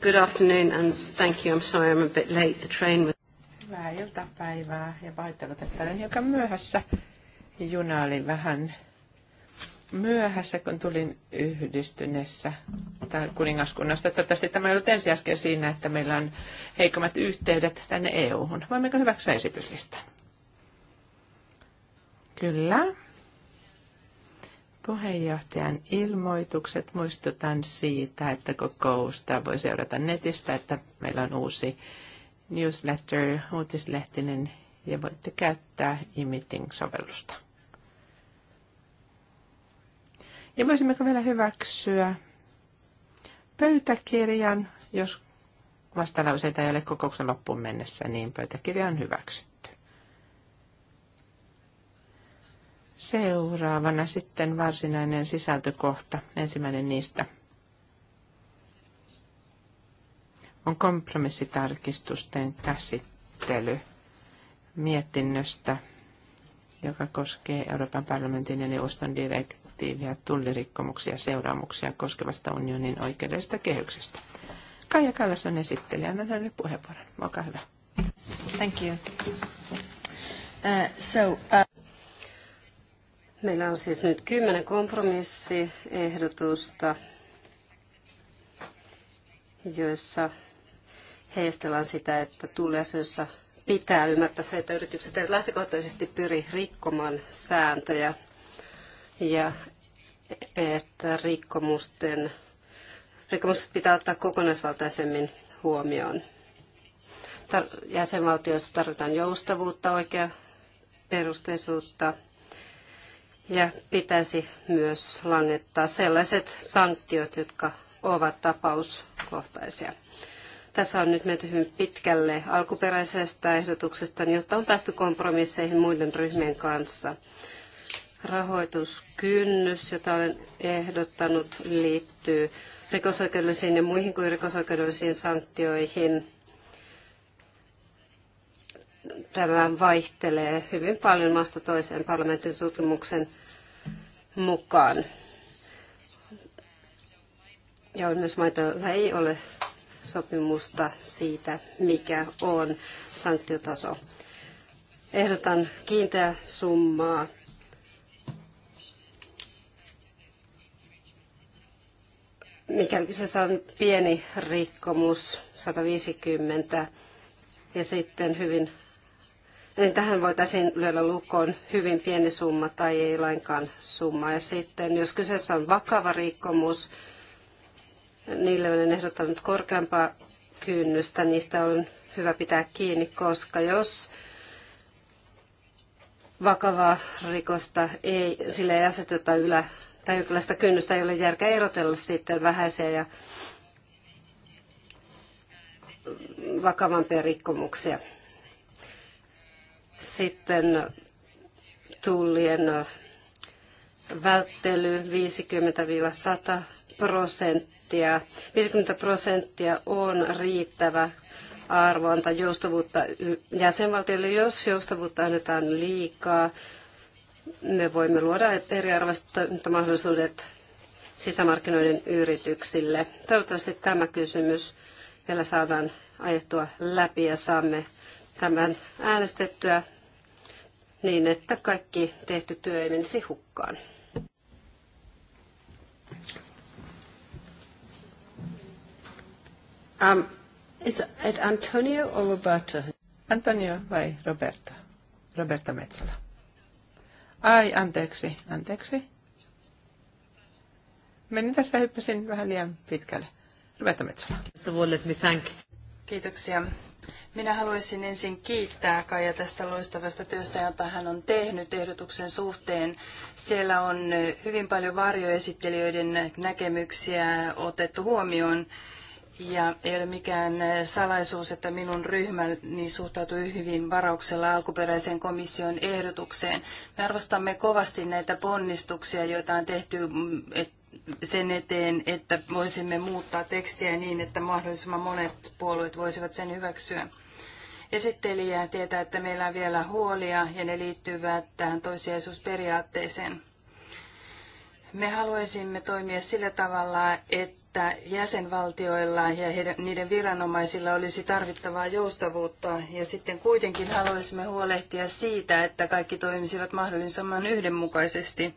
Good afternoon and thank you. I'm sorry I'm a bit late. The train was... Hyvää iltapäivää ja pahoittelut, että olen hiukan myöhässä. Juna oli vähän myöhässä, kun tulin yhdistyneessä kuningaskunnasta. Toivottavasti tämä ei ollut ensi äsken siinä, että meillä on heikommat yhteydet tänne EU-hun. Voimmeko hyväksyä esityslistan? Kyllä puheenjohtajan ilmoitukset. Muistutan siitä, että kokousta voi seurata netistä, että meillä on uusi newsletter, uutislehtinen, ja voitte käyttää e sovellusta Ja voisimmeko vielä hyväksyä pöytäkirjan, jos vastalauseita ei ole kokouksen loppuun mennessä, niin pöytäkirja on hyväksytty. Seuraavana sitten varsinainen sisältökohta, ensimmäinen niistä. On kompromissitarkistusten käsittely mietinnöstä, joka koskee Euroopan parlamentin ja neuvoston direktiiviä tullirikkomuksia ja seuraamuksia koskevasta unionin oikeudellisesta kehyksestä. Kaija Kallas on esittelijä. Annan hänelle puheenvuoron. Olkaa hyvä. Thank you. Uh, so, uh... Meillä on siis nyt kymmenen kompromissiehdotusta, joissa heistellään sitä, että tulleisuudessa pitää ymmärtää se, että yritykset eivät lähtökohtaisesti pyri rikkomaan sääntöjä ja että rikkomusten, rikkomukset pitää ottaa kokonaisvaltaisemmin huomioon. Tar- jäsenvaltioissa tarvitaan joustavuutta, oikea perusteisuutta – ja pitäisi myös langettaa sellaiset sanktiot, jotka ovat tapauskohtaisia. Tässä on nyt menty hyvin pitkälle alkuperäisestä ehdotuksesta, jotta on päästy kompromisseihin muiden ryhmien kanssa. Rahoituskynnys, jota olen ehdottanut, liittyy rikosoikeudellisiin ja muihin kuin rikosoikeudellisiin sanktioihin. Tämä vaihtelee hyvin paljon maasta toiseen parlamentin tutkimuksen mukaan. Ja on myös maita, joilla ei ole sopimusta siitä, mikä on sanktiotaso. Ehdotan kiinteä summaa. Mikäli kyseessä on pieni rikkomus, 150, ja sitten hyvin niin tähän voitaisiin lyödä lukkoon hyvin pieni summa tai ei lainkaan summa. Ja sitten jos kyseessä on vakava rikkomus, niille olen ehdottanut korkeampaa kynnystä, niistä on hyvä pitää kiinni, koska jos vakavaa rikosta ei, sille ei aseteta ylä, tai jonkinlaista kynnystä ei ole järkeä erotella sitten vähäisiä ja vakavampia rikkomuksia. Sitten tullien välttely 50-100 prosenttia. 50 prosenttia on riittävä arvo antaa joustavuutta jäsenvaltiolle. Jos joustavuutta annetaan liikaa, me voimme luoda eriarvoiset mahdollisuudet sisämarkkinoiden yrityksille. Toivottavasti tämä kysymys vielä saadaan ajettua läpi ja saamme tämän äänestettyä niin, että kaikki tehty työ ei menisi hukkaan. Um, is it Antonio or Roberta? Antonio vai Roberta? Roberta Metsola. Ai, anteeksi, anteeksi. Menin tässä hyppäsin vähän liian pitkälle. Roberta Metsola. So let me thank. Kiitoksia minä haluaisin ensin kiittää Kaija tästä loistavasta työstä, jota hän on tehnyt ehdotuksen suhteen. Siellä on hyvin paljon varjoesittelijöiden näkemyksiä otettu huomioon. Ja ei ole mikään salaisuus, että minun ryhmäni suhtautui hyvin varauksella alkuperäiseen komission ehdotukseen. Me arvostamme kovasti näitä ponnistuksia, joita on tehty sen eteen, että voisimme muuttaa tekstiä niin, että mahdollisimman monet puolueet voisivat sen hyväksyä esittelijä tietää, että meillä on vielä huolia ja ne liittyvät tähän toissijaisuusperiaatteeseen. Me haluaisimme toimia sillä tavalla, että jäsenvaltioilla ja heidän, niiden viranomaisilla olisi tarvittavaa joustavuutta. Ja sitten kuitenkin haluaisimme huolehtia siitä, että kaikki toimisivat mahdollisimman yhdenmukaisesti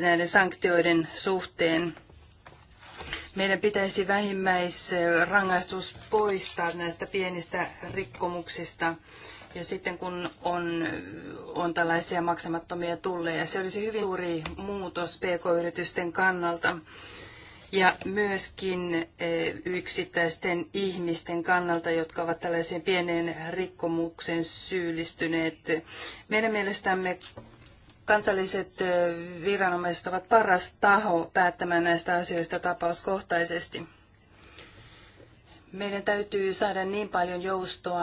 näiden sanktioiden suhteen. Meidän pitäisi vähimmäisrangaistus poistaa näistä pienistä rikkomuksista. Ja sitten kun on, on tällaisia maksamattomia tulleja, se olisi hyvin suuri muutos pk-yritysten kannalta ja myöskin e, yksittäisten ihmisten kannalta, jotka ovat tällaiseen pieneen rikkomukseen syyllistyneet. Meidän mielestämme kansalliset viranomaiset ovat paras taho päättämään näistä asioista tapauskohtaisesti. Meidän täytyy saada niin paljon joustoa,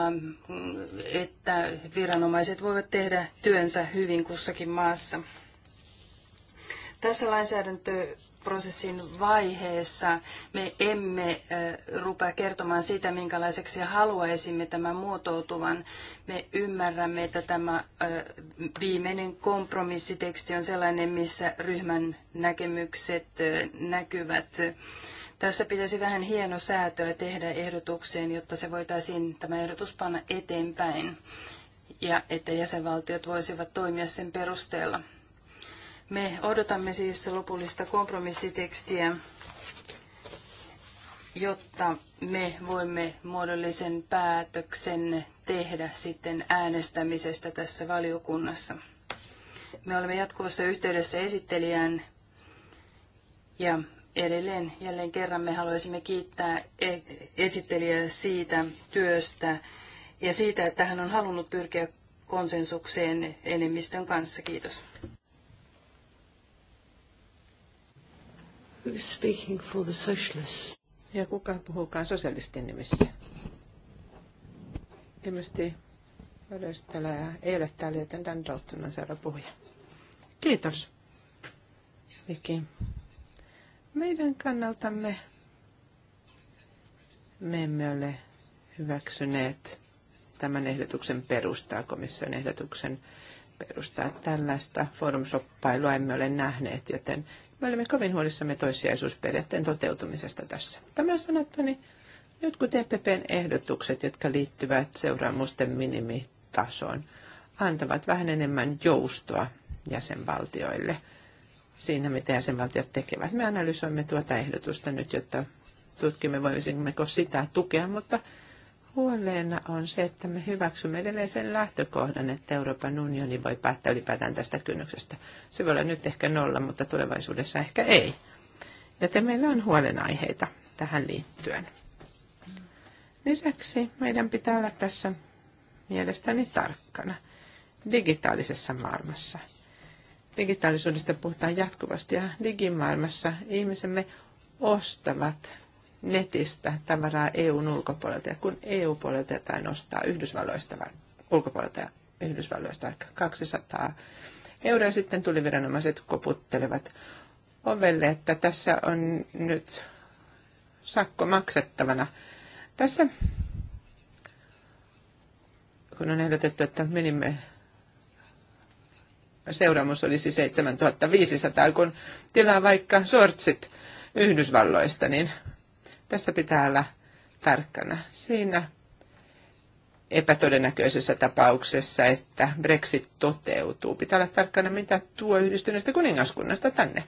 että viranomaiset voivat tehdä työnsä hyvin kussakin maassa. Tässä lainsäädäntö prosessin vaiheessa me emme rupea kertomaan siitä, minkälaiseksi haluaisimme tämän muotoutuvan. Me ymmärrämme, että tämä viimeinen kompromissiteksti on sellainen, missä ryhmän näkemykset näkyvät. Tässä pitäisi vähän hieno säätöä tehdä ehdotukseen, jotta se voitaisiin tämä ehdotus panna eteenpäin ja että jäsenvaltiot voisivat toimia sen perusteella. Me odotamme siis lopullista kompromissitekstiä, jotta me voimme muodollisen päätöksen tehdä sitten äänestämisestä tässä valiokunnassa. Me olemme jatkuvassa yhteydessä esittelijään ja edelleen jälleen kerran me haluaisimme kiittää e- esittelijää siitä työstä ja siitä, että hän on halunnut pyrkiä konsensukseen enemmistön kanssa. Kiitos. Who's speaking for the socialists? Ja kuka puhuukaan sosialistin nimissä? Ilmeisesti Röstelä ei ole täällä, joten Dan Dalton on seuraava puhuja. Kiitos, Viki. Meidän kannaltamme me emme ole hyväksyneet tämän ehdotuksen perustaa, komission ehdotuksen perustaa. Tällaista forumsoppailua emme ole nähneet, joten me olemme kovin huolissamme toissijaisuusperiaatteen toteutumisesta tässä. Tämä sanottu, niin jotkut EPPn ehdotukset, jotka liittyvät seuraamusten minimitasoon, antavat vähän enemmän joustoa jäsenvaltioille siinä, mitä jäsenvaltiot tekevät. Me analysoimme tuota ehdotusta nyt, jotta tutkimme, voisimmeko sitä tukea, mutta huoleena on se, että me hyväksymme edelleen sen lähtökohdan, että Euroopan unioni voi päättää ylipäätään tästä kynnyksestä. Se voi olla nyt ehkä nolla, mutta tulevaisuudessa ehkä ei. Joten meillä on huolenaiheita tähän liittyen. Lisäksi meidän pitää olla tässä mielestäni tarkkana digitaalisessa maailmassa. Digitaalisuudesta puhutaan jatkuvasti ja digimaailmassa ihmisemme ostavat netistä tavaraa EUn ulkopuolelta ja kun EU-puolelta jotain ostaa Yhdysvalloista ulkopuolelta ja Yhdysvalloista ehkä 200 euroa sitten tuli viranomaiset koputtelevat ovelle, että tässä on nyt sakko maksettavana. Tässä kun on ehdotettu, että menimme seuraamus olisi 7500, kun tilaa vaikka sortsit Yhdysvalloista, niin tässä pitää olla tarkkana. Siinä epätodennäköisessä tapauksessa, että Brexit toteutuu. Pitää olla tarkkana, mitä tuo yhdistyneestä kuningaskunnasta tänne.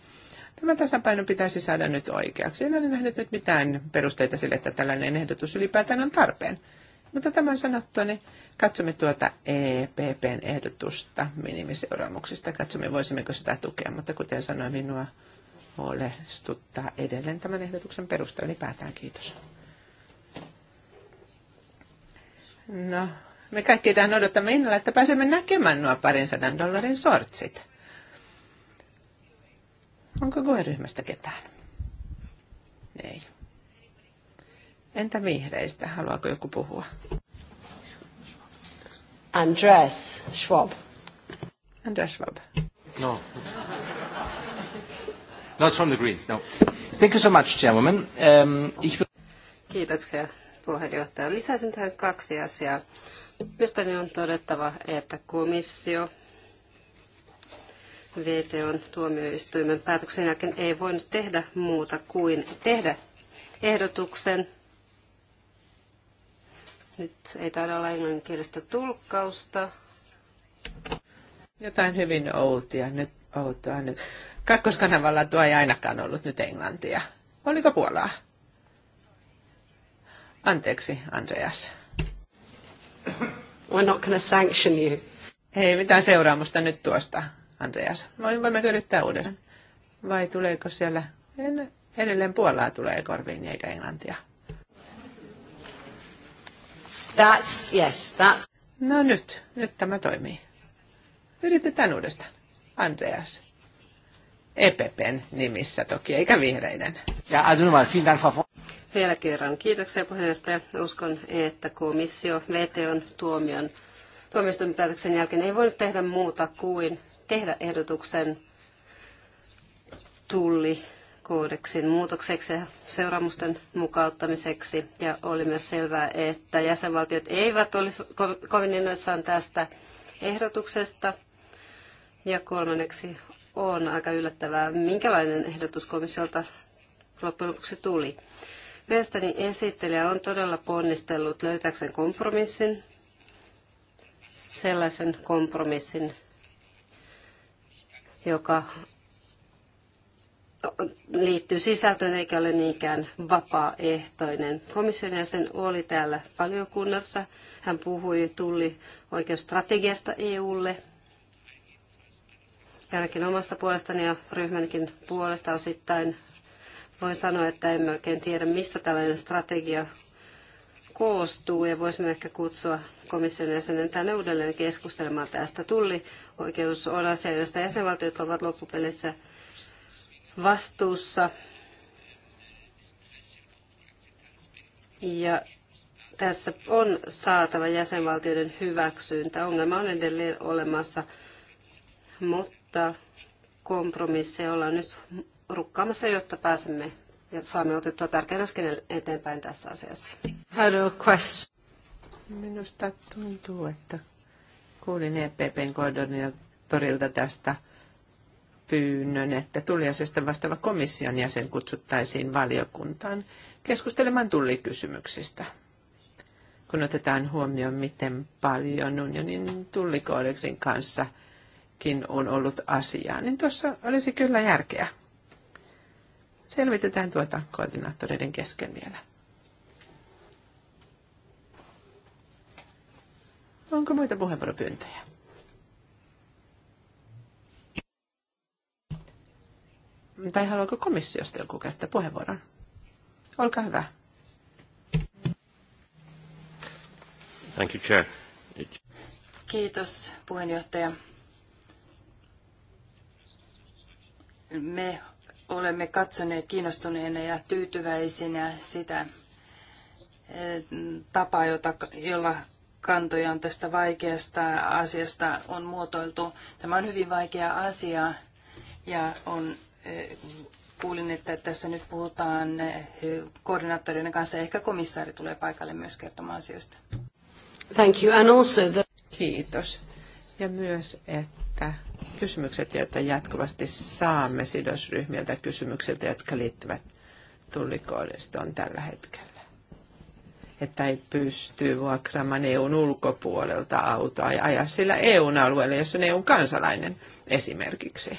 Tämä tasapaino pitäisi saada nyt oikeaksi. En ole nähnyt nyt mitään perusteita sille, että tällainen ehdotus ylipäätään on tarpeen. Mutta tämän sanottua, niin katsomme tuota EPPn ehdotusta minimiseuraamuksista. Katsomme, voisimmeko sitä tukea, mutta kuten sanoin, minua huolestuttaa edelleen tämän ehdotuksen perusta ylipäätään. Kiitos. No, me kaikki tähän odotamme innolla, että pääsemme näkemään nuo parin sadan dollarin sortsit. Onko koeryhmästä ketään? Ei. Entä vihreistä? Haluaako joku puhua? Andreas Schwab. Andreas Schwab. No. No, from the Greens, no. Thank you so much, Um, ich... Kiitoksia puheenjohtaja. Lisäisin tähän kaksi asiaa. Mielestäni on todettava, että komissio VTOn tuomioistuimen päätöksen jälkeen ei voinut tehdä muuta kuin tehdä ehdotuksen. Nyt ei taida olla englanninkielistä tulkkausta. Jotain hyvin outia nyt, outoa nyt. Kakkoskanavalla tuo ei ainakaan ollut nyt englantia. Oliko Puolaa? Anteeksi, Andreas. We're not gonna sanction you. Ei mitään seuraamusta nyt tuosta, Andreas. Voimme yrittää uudestaan. Vai tuleeko siellä? En, edelleen Puolaa tulee korviin eikä Englantia. That's, yes, that's... No nyt, nyt tämä toimii. Yritetään uudestaan. Andreas. EPPn nimissä toki, eikä vihreiden. Ja Vielä kerran kiitoksia puheenjohtaja. Uskon, että komissio VTOn tuomion tuomioistuimen jälkeen ei voinut tehdä muuta kuin tehdä ehdotuksen tulli muutokseksi ja seuraamusten mukauttamiseksi. Ja oli myös selvää, että jäsenvaltiot eivät olisi kovin innoissaan tästä ehdotuksesta. Ja kolmanneksi on aika yllättävää, minkälainen ehdotus komissiolta loppujen lopuksi tuli. Mielestäni esittelijä on todella ponnistellut löytääkseen kompromissin, sellaisen kompromissin, joka liittyy sisältöön eikä ole niinkään vapaaehtoinen. Komission jäsen oli täällä valiokunnassa. Hän puhui tulli oikeusstrategiasta EUlle ainakin omasta puolestani ja ryhmänkin puolesta osittain voin sanoa, että emme oikein tiedä, mistä tällainen strategia koostuu ja voisimme ehkä kutsua komission jäsenen tänne uudelleen keskustelemaan tästä. Tulli oikeus on asia, josta jäsenvaltiot ovat loppupeleissä vastuussa. Ja tässä on saatava jäsenvaltioiden hyväksyntä. Ongelma on edelleen olemassa, mutta mutta kompromisseja ollaan nyt rukkaamassa, jotta pääsemme ja saamme otettua tärkeän askel eteenpäin tässä asiassa. Minusta tuntuu, että kuulin EPPn koordinatorilta tästä pyynnön, että tuliasioista vastaava komission jäsen kutsuttaisiin valiokuntaan keskustelemaan tullikysymyksistä, kun otetaan huomioon, miten paljon unionin tullikoodeksin kanssa – kuitenkin on ollut asiaa, niin tuossa olisi kyllä järkeä. Selvitetään tuota koordinaattoreiden kesken vielä. Onko muita puheenvuoropyyntöjä? Tai haluaako komissiosta joku käyttää puheenvuoron? Olkaa hyvä. Thank you, Chair. Kiitos puheenjohtaja. me olemme katsoneet kiinnostuneena ja tyytyväisinä sitä eh, tapaa, jota, jolla kantoja on tästä vaikeasta asiasta on muotoiltu. Tämä on hyvin vaikea asia ja on, eh, kuulin, että tässä nyt puhutaan eh, koordinaattoreiden kanssa. Ehkä komissaari tulee paikalle myös kertomaan asioista. Thank you. And also the... Kiitos. Ja myös, että kysymykset, joita jatkuvasti saamme sidosryhmiltä kysymyksiltä, jotka liittyvät tullikoodistoon tällä hetkellä. Että ei pysty vuokraamaan EUn ulkopuolelta autoa ja ajaa sillä EUn alueella, jos on EUn kansalainen esimerkiksi.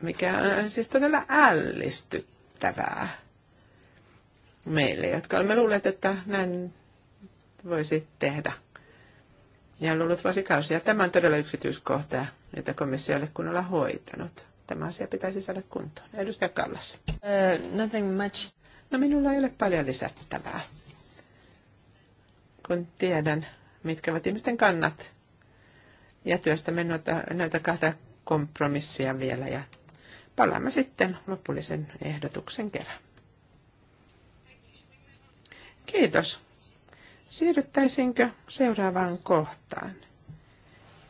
Mikä on siis todella ällistyttävää meille, jotka olemme luulleet, että näin voisi tehdä ja ollut vuosikausia. Tämä on todella yksityiskohta, jota komissio ei ole kunnolla hoitanut. Tämä asia pitäisi saada kuntoon. Edustaja Kallas. Uh, nothing much. No minulla ei ole paljon lisättävää. Kun tiedän, mitkä ovat ihmisten kannat. Ja työstämme noita, noita kahta kompromissia vielä ja palaamme sitten lopullisen ehdotuksen kerran. Kiitos. Siirryttäisinkö seuraavaan kohtaan?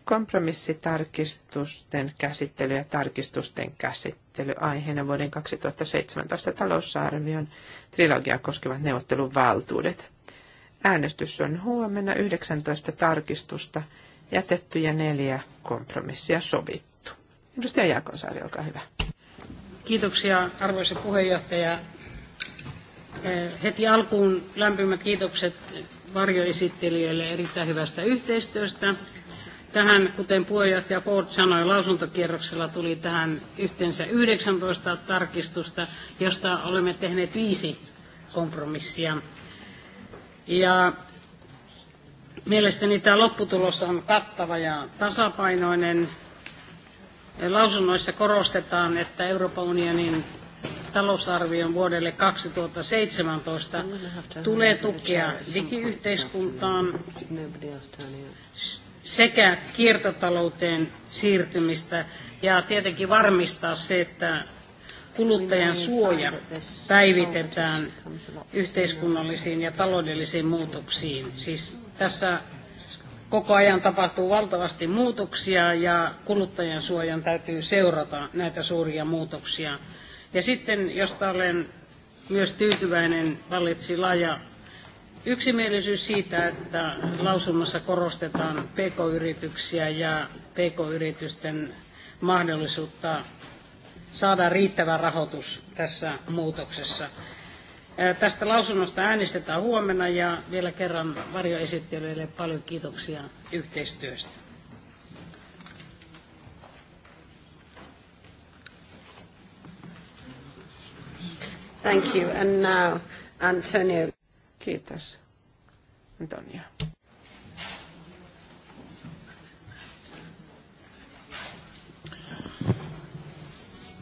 Kompromissitarkistusten käsittely ja tarkistusten käsittely aiheena vuoden 2017 talousarvion trilogia koskevat neuvotteluvaltuudet. Äänestys on huomenna 19 tarkistusta jätetty ja neljä kompromissia sovittu. Edustaja Jaakonsaari, olkaa hyvä. Kiitoksia arvoisa puheenjohtaja. Heti alkuun lämpimät kiitokset varjoesittelijöille erittäin hyvästä yhteistyöstä. Tähän, kuten puheenjohtaja Ford sanoi, lausuntokierroksella tuli tähän yhteensä 19 tarkistusta, josta olemme tehneet viisi kompromissia. Ja mielestäni tämä lopputulos on kattava ja tasapainoinen. Lausunnoissa korostetaan, että Euroopan unionin talousarvion vuodelle 2017 tulee tukea digiyhteiskuntaan mm-hmm. sekä kiertotalouteen siirtymistä ja tietenkin varmistaa se, että kuluttajan suoja päivitetään yhteiskunnallisiin ja taloudellisiin muutoksiin. Siis tässä koko ajan tapahtuu valtavasti muutoksia ja kuluttajan suojan täytyy seurata näitä suuria muutoksia. Ja sitten, josta olen myös tyytyväinen, vallitsi laaja yksimielisyys siitä, että lausunnossa korostetaan pk-yrityksiä ja pk-yritysten mahdollisuutta saada riittävä rahoitus tässä muutoksessa. Tästä lausunnosta äänestetään huomenna ja vielä kerran varjoesittelijöille paljon kiitoksia yhteistyöstä. Thank you. And now, Antonio. Kiitos. Antonio.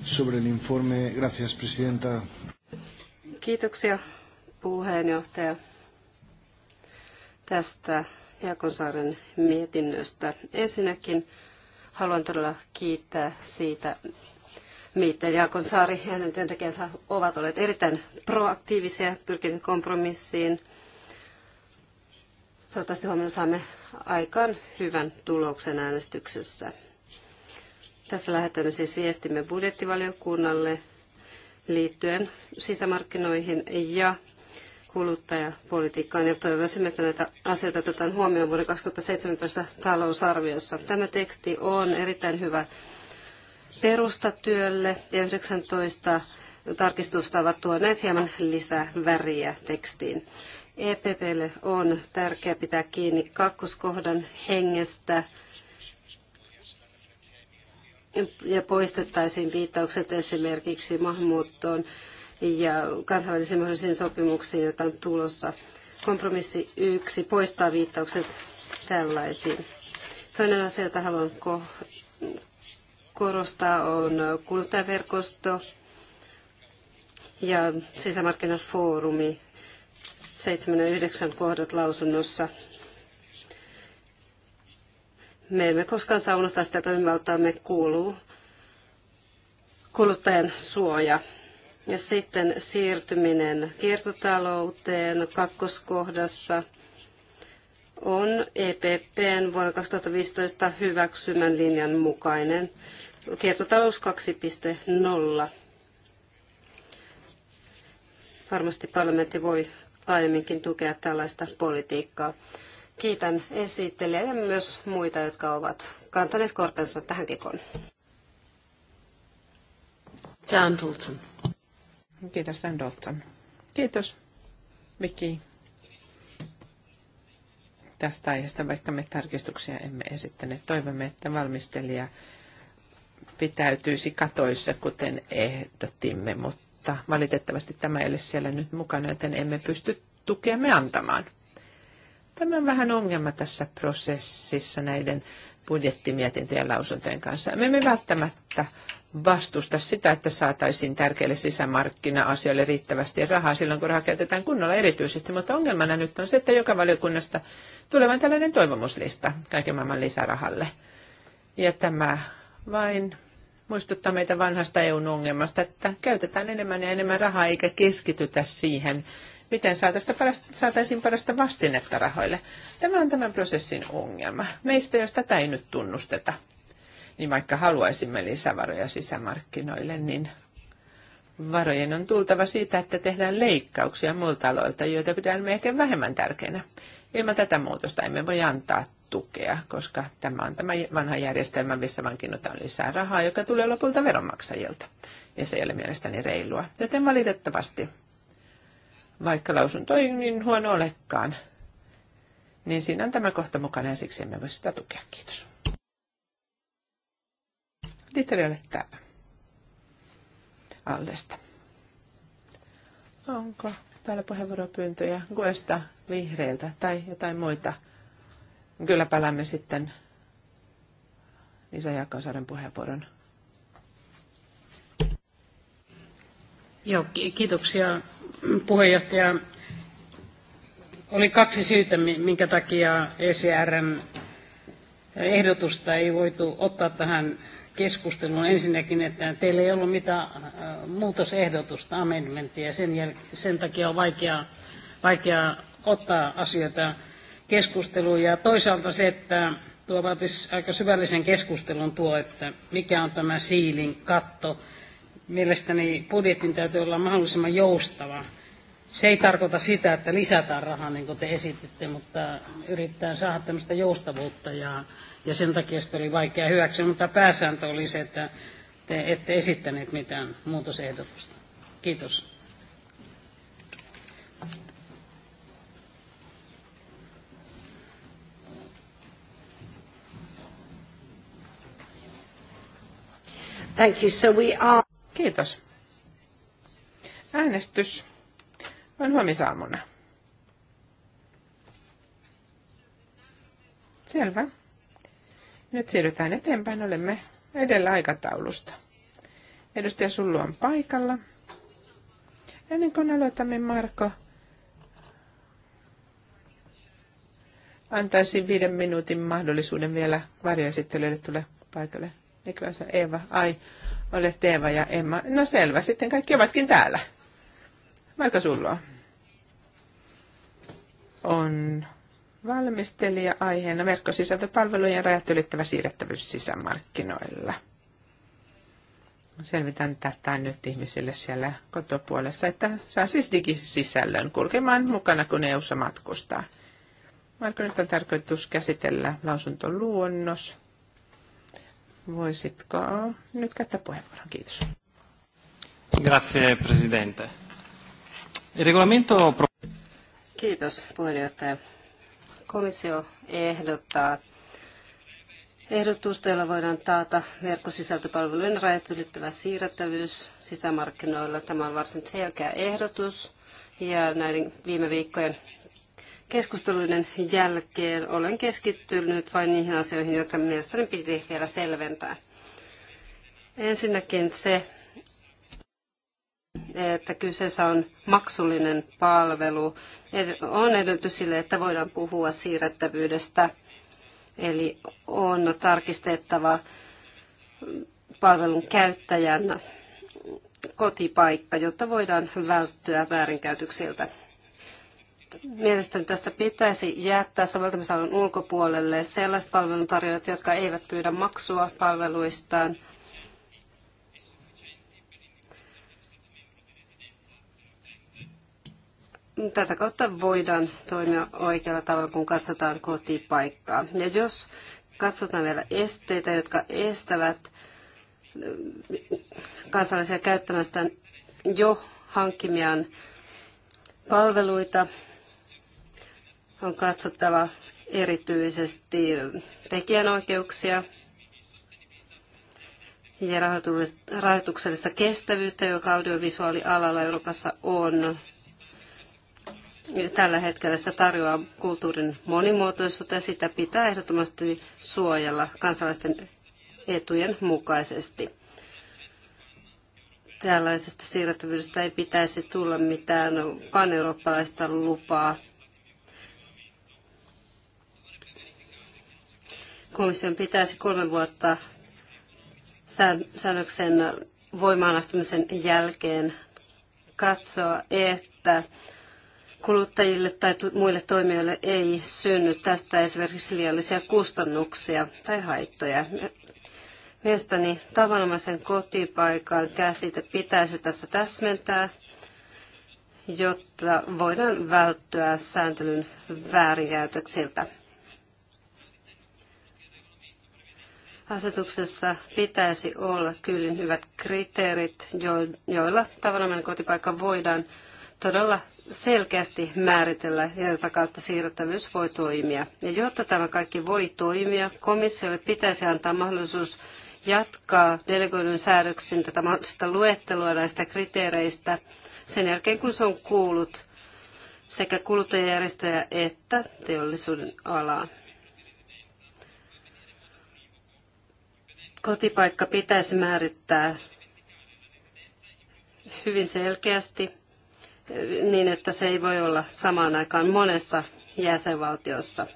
Sobre el informe, gracias, presidenta. Kiitoksia, puheenjohtaja, tästä Jaakonsaaren mietinnöstä. Ensinnäkin haluan todella kiittää siitä, miten ja Saari ja hänen työntekijänsä ovat olleet erittäin proaktiivisia, pyrkineet kompromissiin. Toivottavasti huomenna saamme aikaan hyvän tuloksen äänestyksessä. Tässä lähetämme siis viestimme budjettivaliokunnalle liittyen sisämarkkinoihin ja kuluttajapolitiikkaan ja toivoisimme, että näitä asioita otetaan huomioon vuoden 2017 talousarviossa. Tämä teksti on erittäin hyvä perustatyölle ja 19 tarkistusta ovat tuoneet hieman lisää väriä tekstiin. EPPlle on tärkeää pitää kiinni kakkoskohdan hengestä ja poistettaisiin viittaukset esimerkiksi maahanmuuttoon ja kansainvälisiin mahdollisiin sopimuksiin, joita on tulossa. Kompromissi yksi poistaa viittaukset tällaisiin. Toinen asia, jota haluan korostaa, on kuluttajaverkosto ja sisämarkkinafoorumi 7 ja kohdat lausunnossa. Me emme koskaan saa unohtaa sitä toimivaltaamme kuuluu kuluttajan suoja. Ja sitten siirtyminen kiertotalouteen kakkoskohdassa on EPPn vuonna 2015 hyväksymän linjan mukainen kiertotalous 2.0. Varmasti parlamentti voi laajemminkin tukea tällaista politiikkaa. Kiitän esittelijä ja myös muita, jotka ovat kantaneet kortensa tähän kekoon. John Dalton. Kiitos, John Dalton. Kiitos, Vicky, tästä aiheesta, vaikka me tarkistuksia emme esittäneet. Toivomme, että valmistelija pitäytyisi katoissa, kuten ehdotimme, mutta valitettavasti tämä ei ole siellä nyt mukana, joten emme pysty tukeamme antamaan. Tämä on vähän ongelma tässä prosessissa näiden budjettimietintöjen lausuntojen kanssa. Me emme välttämättä vastusta sitä, että saataisiin tärkeille sisämarkkina-asioille riittävästi rahaa silloin, kun rahaa käytetään kunnolla erityisesti, mutta ongelmana nyt on se, että joka valiokunnasta tulee vain tällainen toivomuslista kaiken maailman lisärahalle. Ja tämä vain muistuttaa meitä vanhasta EUn ongelmasta, että käytetään enemmän ja enemmän rahaa eikä keskitytä siihen, miten saataisiin parasta vastinetta rahoille. Tämä on tämän prosessin ongelma. Meistä, jos tätä ei nyt tunnusteta, niin vaikka haluaisimme lisävaroja sisämarkkinoille, niin varojen on tultava siitä, että tehdään leikkauksia muilta aloilta, joita pidämme ehkä vähemmän tärkeänä. Ilman tätä muutosta emme voi antaa tukea, koska tämä on tämä vanha järjestelmä, missä vankinnutaan lisää rahaa, joka tulee lopulta veronmaksajilta. Ja se ei ole mielestäni reilua. Joten valitettavasti, vaikka lausunto ei niin huono olekaan, niin siinä on tämä kohta mukana ja siksi emme voi sitä tukea. Kiitos. Dieter ole täällä. Allesta. Onko täällä puheenvuoropyyntöjä Guesta, Vihreiltä tai jotain muita Kyllä palaamme sitten Lisa Jaakkosaaren puheenvuoron. Joo, kiitoksia puheenjohtaja. Oli kaksi syytä, minkä takia ECRn ehdotusta ei voitu ottaa tähän keskusteluun. Ensinnäkin, että teillä ei ollut mitään äh, muutosehdotusta, amendmenttia, sen, jäl- sen takia on vaikea, vaikea ottaa asioita keskusteluun ja toisaalta se, että tuo vaatisi aika syvällisen keskustelun tuo, että mikä on tämä siilin katto. Mielestäni budjetin täytyy olla mahdollisimman joustava. Se ei tarkoita sitä, että lisätään rahaa, niin kuin te esititte, mutta yrittää saada tämmöistä joustavuutta ja, ja sen takia se oli vaikea hyväksyä, mutta pääsääntö oli se, että te ette esittäneet mitään muutosehdotusta. Kiitos. Thank you. So we are... Kiitos. Äänestys on huomisaamuna. Selvä. Nyt siirrytään eteenpäin. Olemme edellä aikataulusta. Edustaja Sullu on paikalla. Ennen kuin aloitamme, Marko, antaisin viiden minuutin mahdollisuuden vielä varjoesittelijöille tulla paikalle. Niklas ja Eeva. Ai, olet Eeva ja Emma. No selvä, sitten kaikki ovatkin täällä. Marko Sulloa on valmistelija aiheena verkkosisältöpalvelujen rajat ylittävä siirrettävyys sisämarkkinoilla. Selvitän tätä nyt ihmisille siellä kotopuolessa, että saa siis digisisällön kulkemaan mukana, kun EU-ssa matkustaa. Marko, nyt on tarkoitus käsitellä lausuntoluonnos. Voisitko nyt käyttää puheenvuoron? Kiitos. Grazie, presidente. Regolamento... Kiitos, puheenjohtaja. Komissio ehdottaa ehdotusta, jolla voidaan taata verkkosisältöpalvelujen rajat ylittävä siirrettävyys sisämarkkinoilla. Tämä on varsin selkeä ehdotus ja näiden viime viikkojen Keskusteluiden jälkeen olen keskittynyt vain niihin asioihin, joita mielestäni piti vielä selventää. Ensinnäkin se, että kyseessä on maksullinen palvelu. On edellytys sille, että voidaan puhua siirrettävyydestä, eli on tarkistettava palvelun käyttäjän kotipaikka, jotta voidaan välttyä väärinkäytöksiltä mielestäni tästä pitäisi jättää soveltamisalan ulkopuolelle sellaiset palveluntarjoajat, jotka eivät pyydä maksua palveluistaan. Tätä kautta voidaan toimia oikealla tavalla, kun katsotaan kotipaikkaa. Ja jos katsotaan vielä esteitä, jotka estävät äh, kansalaisia käyttämästä jo hankkimiaan palveluita, on katsottava erityisesti tekijänoikeuksia ja rahoituksellista kestävyyttä, joka audiovisuaalialalla Euroopassa on. Tällä hetkellä sitä tarjoaa kulttuurin monimuotoisuutta ja sitä pitää ehdottomasti suojella kansalaisten etujen mukaisesti. Tällaisesta siirrettävyydestä ei pitäisi tulla mitään paneurooppalaista lupaa komission pitäisi kolme vuotta säännöksen voimaanastumisen jälkeen katsoa, että kuluttajille tai muille toimijoille ei synny tästä esimerkiksi liiallisia kustannuksia tai haittoja. Mielestäni tavanomaisen kotipaikan käsite pitäisi tässä täsmentää, jotta voidaan välttyä sääntelyn väärinkäytöksiltä. Asetuksessa pitäisi olla kyllin hyvät kriteerit, joilla tavanomainen kotipaikka voidaan todella selkeästi määritellä ja jota kautta siirrettävyys voi toimia. Ja jotta tämä kaikki voi toimia, komissiolle pitäisi antaa mahdollisuus jatkaa delegoidun säädöksin tätä mahdollista luettelua näistä kriteereistä sen jälkeen, kun se on kuullut sekä kuluttajajärjestöjä että teollisuuden alaa. Kotipaikka pitäisi määrittää hyvin selkeästi niin, että se ei voi olla samaan aikaan monessa jäsenvaltiossa.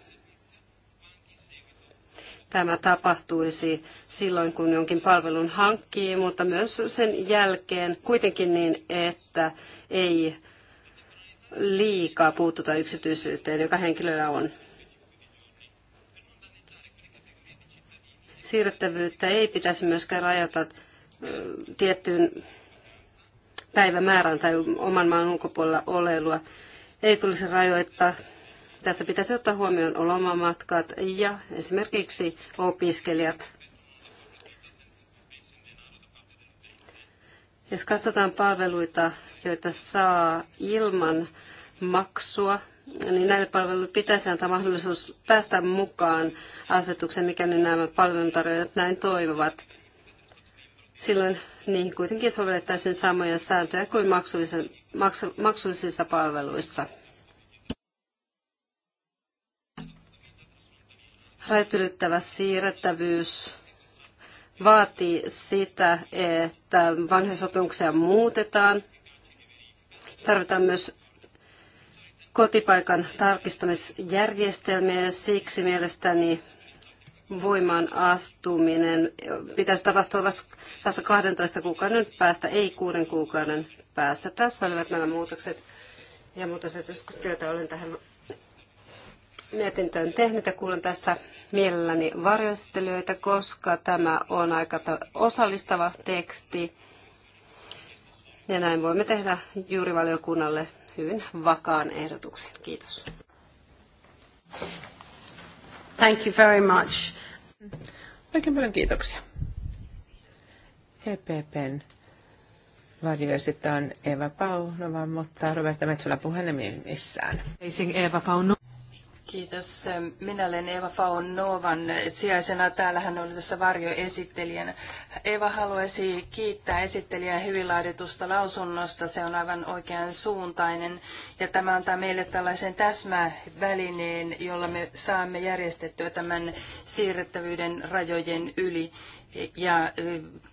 Tämä tapahtuisi silloin, kun jonkin palvelun hankkii, mutta myös sen jälkeen kuitenkin niin, että ei liikaa puututa yksityisyyteen, joka henkilöllä on. siirrettävyyttä ei pitäisi myöskään rajata tiettyyn päivämäärään tai oman maan ulkopuolella oleilua. Ei tulisi rajoittaa. Tässä pitäisi ottaa huomioon lomamatkat ja esimerkiksi opiskelijat. Jos katsotaan palveluita, joita saa ilman maksua, niin näille palveluille pitäisi antaa mahdollisuus päästä mukaan asetuksen, nyt nämä palveluntarjoajat näin toivovat. Silloin niihin kuitenkin sovellettaisiin samoja sääntöjä kuin maksullisissa palveluissa. Rajatylyttävä siirrettävyys vaatii sitä, että vanhoja sopimuksia muutetaan. Tarvitaan myös kotipaikan tarkistamisjärjestelmiä ja siksi mielestäni voimaan astuminen pitäisi tapahtua vasta, vasta 12 kuukauden päästä, ei kuuden kuukauden päästä. Tässä olivat nämä muutokset ja muutosehdotukset, joita olen tähän mietintöön tehnyt ja kuulen tässä mielelläni varjoistelijoita, koska tämä on aika osallistava teksti. Ja näin voimme tehdä valiokunnalle hyvin vakaan ehdotuksen. Kiitos. Thank you very much. Oikein paljon kiitoksia. EPPn varjoesittää on Eva Paunova, mutta Roberta Metsola puhelimissään. Eva Paunova. Kiitos. Minä olen Eva Faun Novan sijaisena. Täällä hän oli tässä varjoesittelijänä. Eva haluaisi kiittää esittelijää hyvin laaditusta lausunnosta. Se on aivan oikean suuntainen. Ja tämä antaa meille tällaisen täsmävälineen, jolla me saamme järjestettyä tämän siirrettävyyden rajojen yli. Ja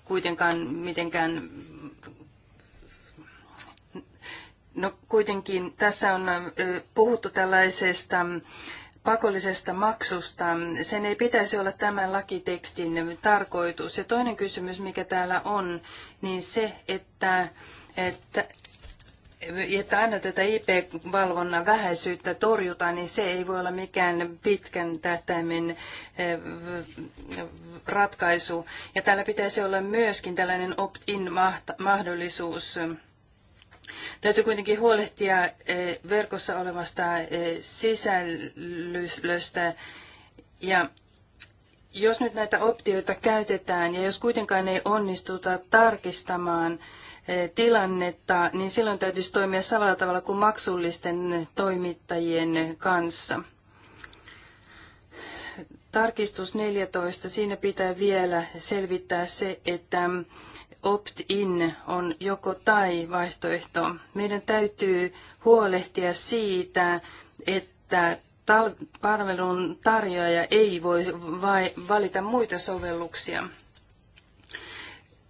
kuitenkaan mitenkään No kuitenkin tässä on puhuttu tällaisesta pakollisesta maksusta. Sen ei pitäisi olla tämän lakitekstin tarkoitus. Ja toinen kysymys, mikä täällä on, niin se, että, että että aina tätä IP-valvonnan vähäisyyttä torjutaan, niin se ei voi olla mikään pitkän tähtäimen ratkaisu. Ja täällä pitäisi olla myöskin tällainen opt-in-mahdollisuus. Täytyy kuitenkin huolehtia eh, verkossa olevasta eh, sisällöstä ja jos nyt näitä optioita käytetään ja jos kuitenkaan ei onnistuta tarkistamaan eh, tilannetta, niin silloin täytyisi toimia samalla tavalla kuin maksullisten toimittajien kanssa. Tarkistus 14. Siinä pitää vielä selvittää se, että opt-in on joko tai vaihtoehto. Meidän täytyy huolehtia siitä, että palvelun tarjoaja ei voi valita muita sovelluksia.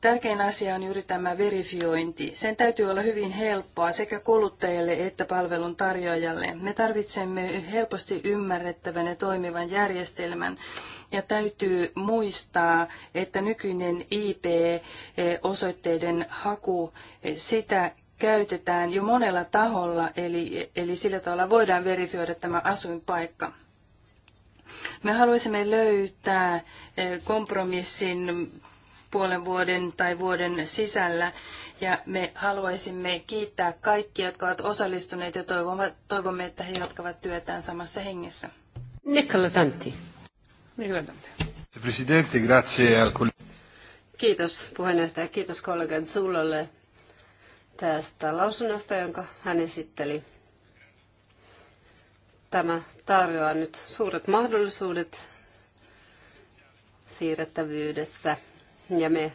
Tärkein asia on juuri tämä verifiointi. Sen täytyy olla hyvin helppoa sekä kuluttajalle että palvelun tarjoajalle. Me tarvitsemme helposti ymmärrettävän ja toimivan järjestelmän, ja täytyy muistaa, että nykyinen IP-osoitteiden eh, haku, eh, sitä käytetään jo monella taholla, eli, eli sillä tavalla voidaan verifioida tämä asuinpaikka. Me haluaisimme löytää eh, kompromissin puolen vuoden tai vuoden sisällä. Ja me haluaisimme kiittää kaikkia, jotka ovat osallistuneet ja toivomme, toivomme että he jatkavat työtään samassa hengessä. Nikola Tanti. Niin, kiitos puheenjohtaja, kiitos kollegan Zullolle tästä lausunnosta, jonka hän esitteli. Tämä tarjoaa nyt suuret mahdollisuudet siirrettävyydessä ja me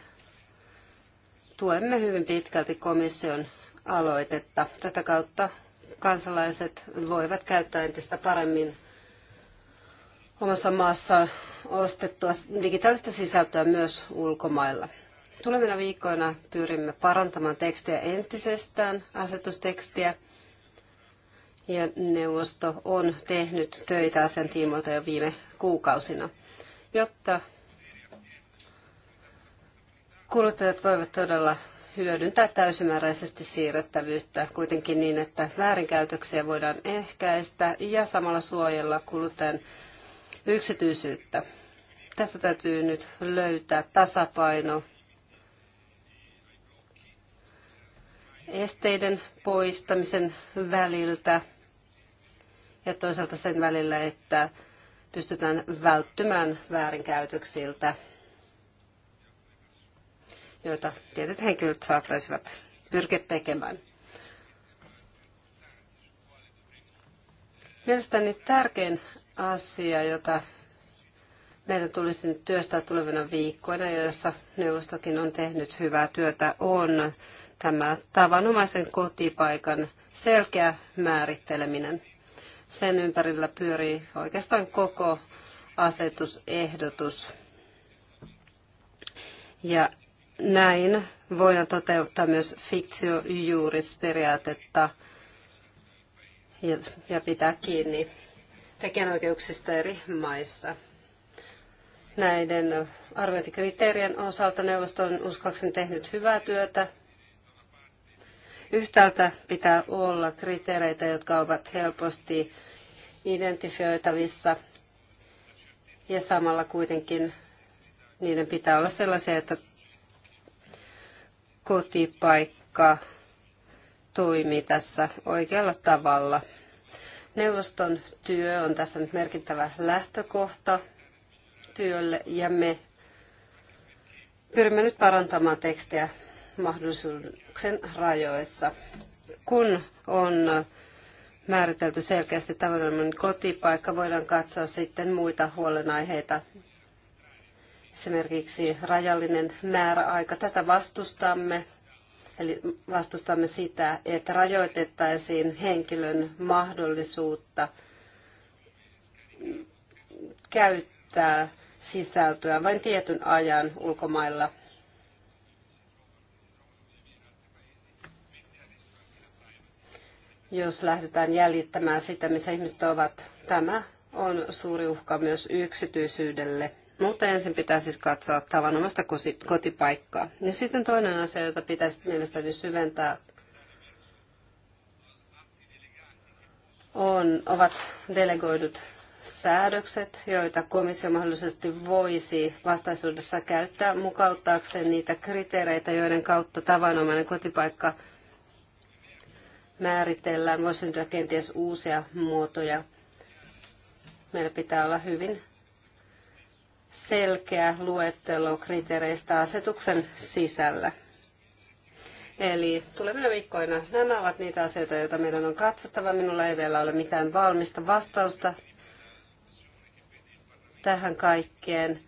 tuemme hyvin pitkälti komission aloitetta. Tätä kautta kansalaiset voivat käyttää entistä paremmin omassa maassa ostettua digitaalista sisältöä myös ulkomailla. Tulevina viikkoina pyrimme parantamaan tekstiä entisestään, asetustekstiä, ja neuvosto on tehnyt töitä sen tiimoilta jo viime kuukausina, jotta kuluttajat voivat todella hyödyntää täysimääräisesti siirrettävyyttä kuitenkin niin, että väärinkäytöksiä voidaan ehkäistä ja samalla suojella kuluttajan yksityisyyttä. Tässä täytyy nyt löytää tasapaino esteiden poistamisen väliltä ja toisaalta sen välillä, että pystytään välttymään väärinkäytöksiltä, joita tietyt henkilöt saattaisivat pyrkiä tekemään. Mielestäni tärkein asia, jota meidän tulisi nyt työstää tulevina viikkoina, joissa neuvostokin on tehnyt hyvää työtä, on tämä tavanomaisen kotipaikan selkeä määritteleminen. Sen ympärillä pyörii oikeastaan koko asetusehdotus. Ja näin voidaan toteuttaa myös fiktio juuris ja pitää kiinni tekijänoikeuksista eri maissa. Näiden arviointikriteerien osalta neuvosto on uskoakseni tehnyt hyvää työtä. Yhtäältä pitää olla kriteereitä, jotka ovat helposti identifioitavissa ja samalla kuitenkin niiden pitää olla sellaisia, että kotipaikka toimii tässä oikealla tavalla – Neuvoston työ on tässä nyt merkittävä lähtökohta työlle ja me pyrimme nyt parantamaan tekstiä mahdollisuuksien rajoissa. Kun on määritelty selkeästi tavallinen kotipaikka, voidaan katsoa sitten muita huolenaiheita, esimerkiksi rajallinen määräaika. Tätä vastustamme Eli vastustamme sitä, että rajoitettaisiin henkilön mahdollisuutta käyttää sisältöä vain tietyn ajan ulkomailla. Jos lähdetään jäljittämään sitä, missä ihmiset ovat, tämä on suuri uhka myös yksityisyydelle. Mutta ensin pitää siis katsoa tavanomaista kotipaikkaa. Ja sitten toinen asia, jota pitäisi mielestäni syventää, on, ovat delegoidut säädökset, joita komissio mahdollisesti voisi vastaisuudessa käyttää mukauttaakseen niitä kriteereitä, joiden kautta tavanomainen kotipaikka määritellään. Voisi syntyä kenties uusia muotoja. Meillä pitää olla hyvin selkeä luettelo kriteereistä asetuksen sisällä. Eli tulevina viikkoina nämä ovat niitä asioita, joita meidän on katsottava. Minulla ei vielä ole mitään valmista vastausta tähän kaikkeen,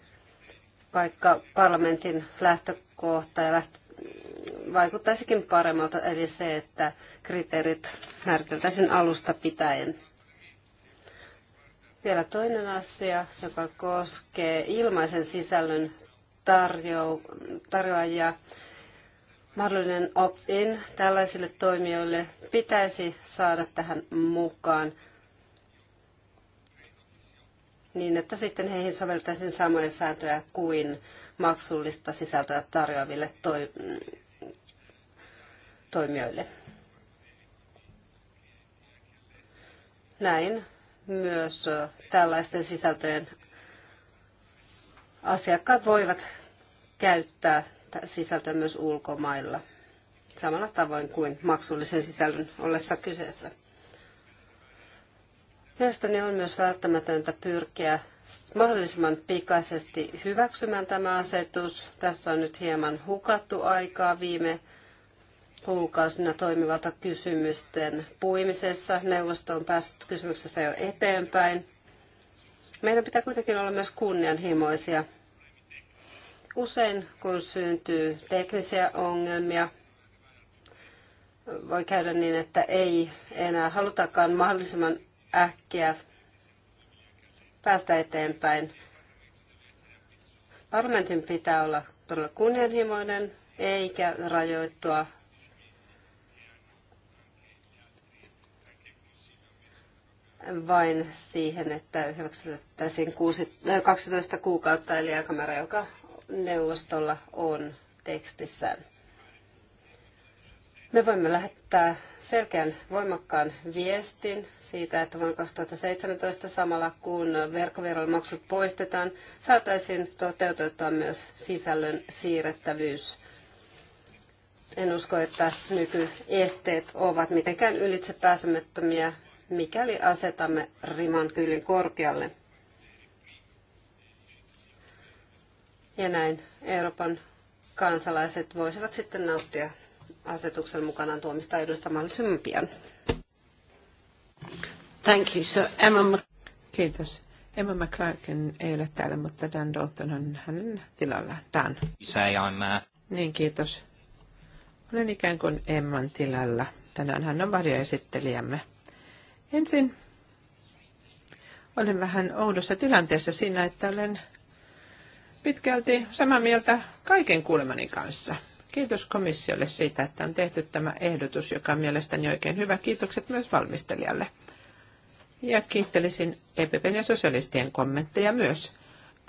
vaikka parlamentin lähtökohta ja lähtö vaikuttaisikin paremmalta, eli se, että kriteerit määriteltäisiin alusta pitäen. Vielä toinen asia, joka koskee ilmaisen sisällön tarjo- tarjoajia. Mahdollinen opt-in tällaisille toimijoille pitäisi saada tähän mukaan niin, että sitten heihin soveltaisiin samoja sääntöjä kuin maksullista sisältöä tarjoaville toi- toimijoille. Näin myös tällaisten sisältöjen asiakkaat voivat käyttää sisältöä myös ulkomailla samalla tavoin kuin maksullisen sisällön ollessa kyseessä. Mielestäni on myös välttämätöntä pyrkiä mahdollisimman pikaisesti hyväksymään tämä asetus. Tässä on nyt hieman hukattu aikaa viime kuukausina toimivalta kysymysten puimisessa. Neuvosto on päässyt kysymyksessä jo eteenpäin. Meidän pitää kuitenkin olla myös kunnianhimoisia. Usein kun syntyy teknisiä ongelmia, voi käydä niin, että ei enää halutakaan mahdollisimman äkkiä päästä eteenpäin. Parlamentin pitää olla todella kunnianhimoinen eikä rajoittua vain siihen, että hyväksytettäisiin 12 äh, kuukautta, eli aikamäärä, joka neuvostolla on tekstissään. Me voimme lähettää selkeän voimakkaan viestin siitä, että vuonna 2017 samalla kun maksut poistetaan, saataisiin toteutettua myös sisällön siirrettävyys. En usko, että nykyesteet ovat mitenkään ylitsepääsemättömiä, mikäli asetamme riman kyllin korkealle. Ja näin Euroopan kansalaiset voisivat sitten nauttia asetuksen mukanaan tuomista edusta mahdollisimman pian. Thank you. So Emma Kiitos. Emma McClarkin ei ole täällä, mutta Dan Dalton on hänen tilallaan. Dan. You Say I'm, uh, Niin, kiitos. Olen ikään kuin Emman tilalla. Tänään hän on varjoesittelijämme. Ensin olen vähän oudossa tilanteessa siinä, että olen pitkälti samaa mieltä kaiken kuulemani kanssa. Kiitos komissiolle siitä, että on tehty tämä ehdotus, joka on mielestäni oikein hyvä. Kiitokset myös valmistelijalle. Ja kiittelisin EPPn ja sosialistien kommentteja myös.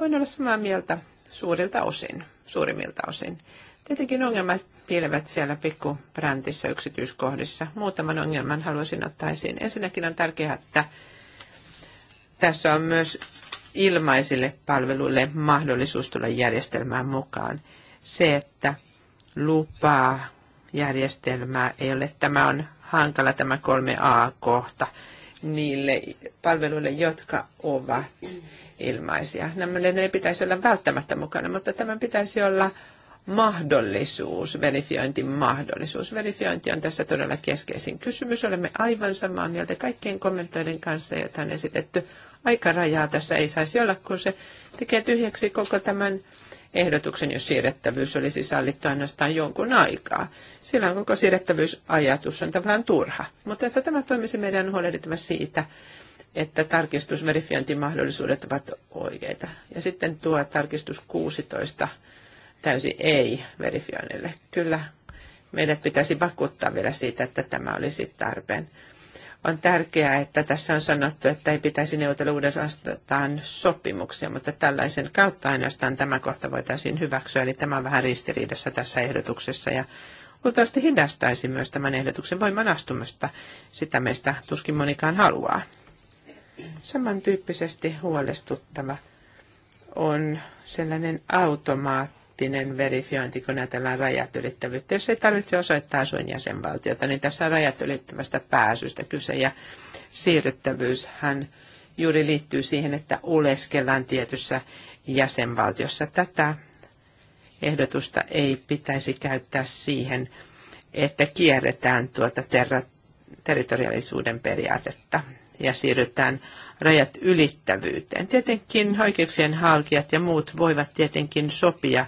Voin olla samaa mieltä suurilta osin, suurimmilta osin. Tietenkin ongelmat piilevät siellä pikkupräntissä yksityiskohdissa. Muutaman ongelman haluaisin ottaa esiin. Ensinnäkin on tärkeää, että tässä on myös ilmaisille palveluille mahdollisuus tulla järjestelmään mukaan. Se, että lupaa järjestelmää ei ole, tämä on hankala tämä 3a-kohta niille palveluille, jotka ovat ilmaisia. Nämä ei pitäisi olla välttämättä mukana, mutta tämän pitäisi olla mahdollisuus, verifiointin mahdollisuus. Verifiointi on tässä todella keskeisin kysymys. Olemme aivan samaa mieltä kaikkien kommentoiden kanssa, joita on esitetty. Aikarajaa tässä ei saisi olla, kun se tekee tyhjäksi koko tämän ehdotuksen, jos siirrettävyys olisi sallittu ainoastaan jonkun aikaa. Silloin koko siirrettävyysajatus on tavallaan turha. Mutta että tämä toimisi, meidän on huolehdittava siitä, että tarkistusverifiointimahdollisuudet ovat oikeita. Ja sitten tuo tarkistus 16 täysi ei verifioinnille. Kyllä meidät pitäisi vakuuttaa vielä siitä, että tämä olisi tarpeen. On tärkeää, että tässä on sanottu, että ei pitäisi neuvotella uudestaan sopimuksia, mutta tällaisen kautta ainoastaan tämä kohta voitaisiin hyväksyä, eli tämä on vähän ristiriidassa tässä ehdotuksessa. Ja luultavasti hidastaisi myös tämän ehdotuksen voiman astumista. Sitä meistä tuskin monikaan haluaa. Samantyyppisesti huolestuttava on sellainen automaatti, automaattinen verifiointi, kun ajatellaan rajat ylittävyyttä. Jos ei tarvitse osoittaa sun jäsenvaltiota, niin tässä on rajat ylittävästä pääsystä kyse. Ja siirryttävyyshän juuri liittyy siihen, että oleskellaan tietyssä jäsenvaltiossa. Tätä ehdotusta ei pitäisi käyttää siihen, että kierretään tuota ter- territoriaalisuuden periaatetta ja siirrytään rajat ylittävyyteen. Tietenkin oikeuksien halkijat ja muut voivat tietenkin sopia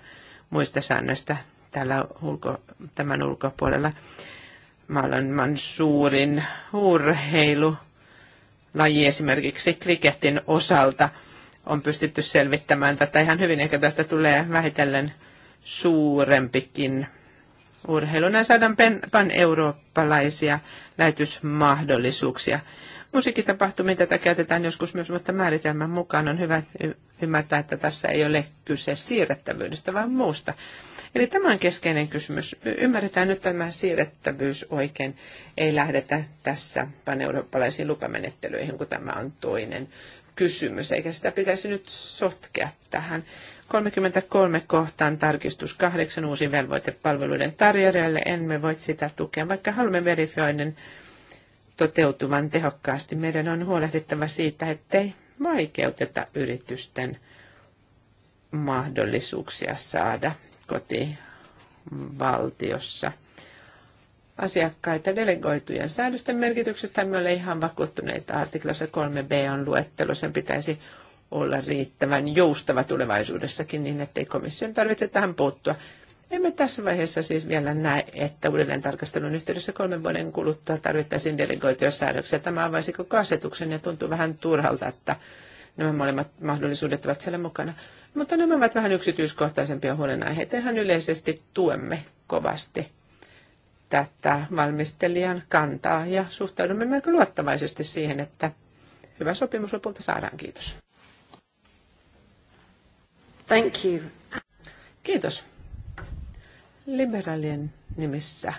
muista säännöistä täällä ulko, tämän ulkopuolella. Maailman suurin urheilu laji esimerkiksi kriketin osalta on pystytty selvittämään tätä ihan hyvin. Ehkä tästä tulee vähitellen suurempikin urheilu. Näin saadaan pan-eurooppalaisia lähetysmahdollisuuksia musiikkitapahtumiin tätä käytetään joskus myös, mutta määritelmän mukaan on hyvä ymmärtää, että tässä ei ole kyse siirrettävyydestä, vaan muusta. Eli tämä on keskeinen kysymys. Ymmärretään nyt tämä siirrettävyys oikein. Ei lähdetä tässä paneurooppalaisiin lupamenettelyihin, kun tämä on toinen kysymys, eikä sitä pitäisi nyt sotkea tähän. 33 kohtaan tarkistus 8 uusi velvoite palveluiden tarjoajalle. Emme voi sitä tukea, vaikka haluamme verifioinnin toteutuvan tehokkaasti. Meidän on huolehdittava siitä, ettei vaikeuteta yritysten mahdollisuuksia saada kotivaltiossa asiakkaita delegoitujen säädösten merkityksestä Me ole ihan vakuuttuneita. Artiklassa 3b on luettelo, sen pitäisi olla riittävän joustava tulevaisuudessakin niin, ettei komission tarvitse tähän puuttua. Emme tässä vaiheessa siis vielä näe, että uudelleen tarkastelun yhteydessä kolmen vuoden kuluttua tarvittaisiin delegoitiosäädöksiä. Tämä avaisi koko asetuksen ja tuntuu vähän turhalta, että nämä molemmat mahdollisuudet ovat siellä mukana. Mutta nämä ovat vähän yksityiskohtaisempia huolenaiheita. Ihan yleisesti tuemme kovasti tätä valmistelijan kantaa ja suhtaudumme melko luottavaisesti siihen, että hyvä sopimus lopulta saadaan. Kiitos. Thank you. Kiitos liberaalien nimissä.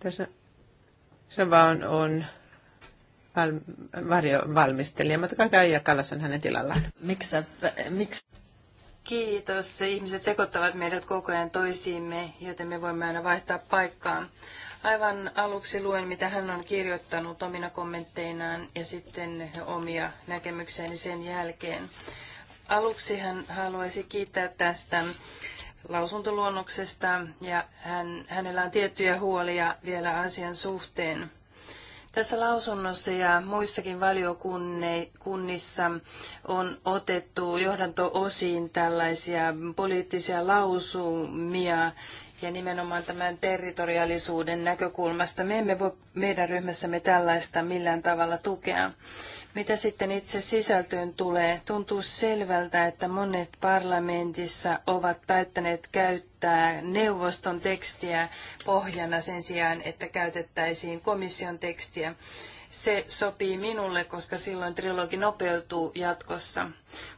Tässä se vaan on val, valmistelija, mutta kai ja Kallas on hänen tilallaan. Miksi? Miksi? Kiitos. Ihmiset sekoittavat meidät koko ajan toisiimme, joten me voimme aina vaihtaa paikkaa. Aivan aluksi luen, mitä hän on kirjoittanut omina kommentteinaan ja sitten omia näkemyksiäni sen jälkeen. Aluksi hän haluaisi kiittää tästä lausuntoluonnoksesta ja hän, hänellä on tiettyjä huolia vielä asian suhteen. Tässä lausunnossa ja muissakin valiokunnissa on otettu johdanto-osiin tällaisia poliittisia lausumia ja nimenomaan tämän territoriaalisuuden näkökulmasta. Me emme voi meidän ryhmässämme tällaista millään tavalla tukea. Mitä sitten itse sisältöön tulee, tuntuu selvältä, että monet parlamentissa ovat päättäneet käyttää neuvoston tekstiä pohjana sen sijaan, että käytettäisiin komission tekstiä. Se sopii minulle, koska silloin trilogi nopeutuu jatkossa.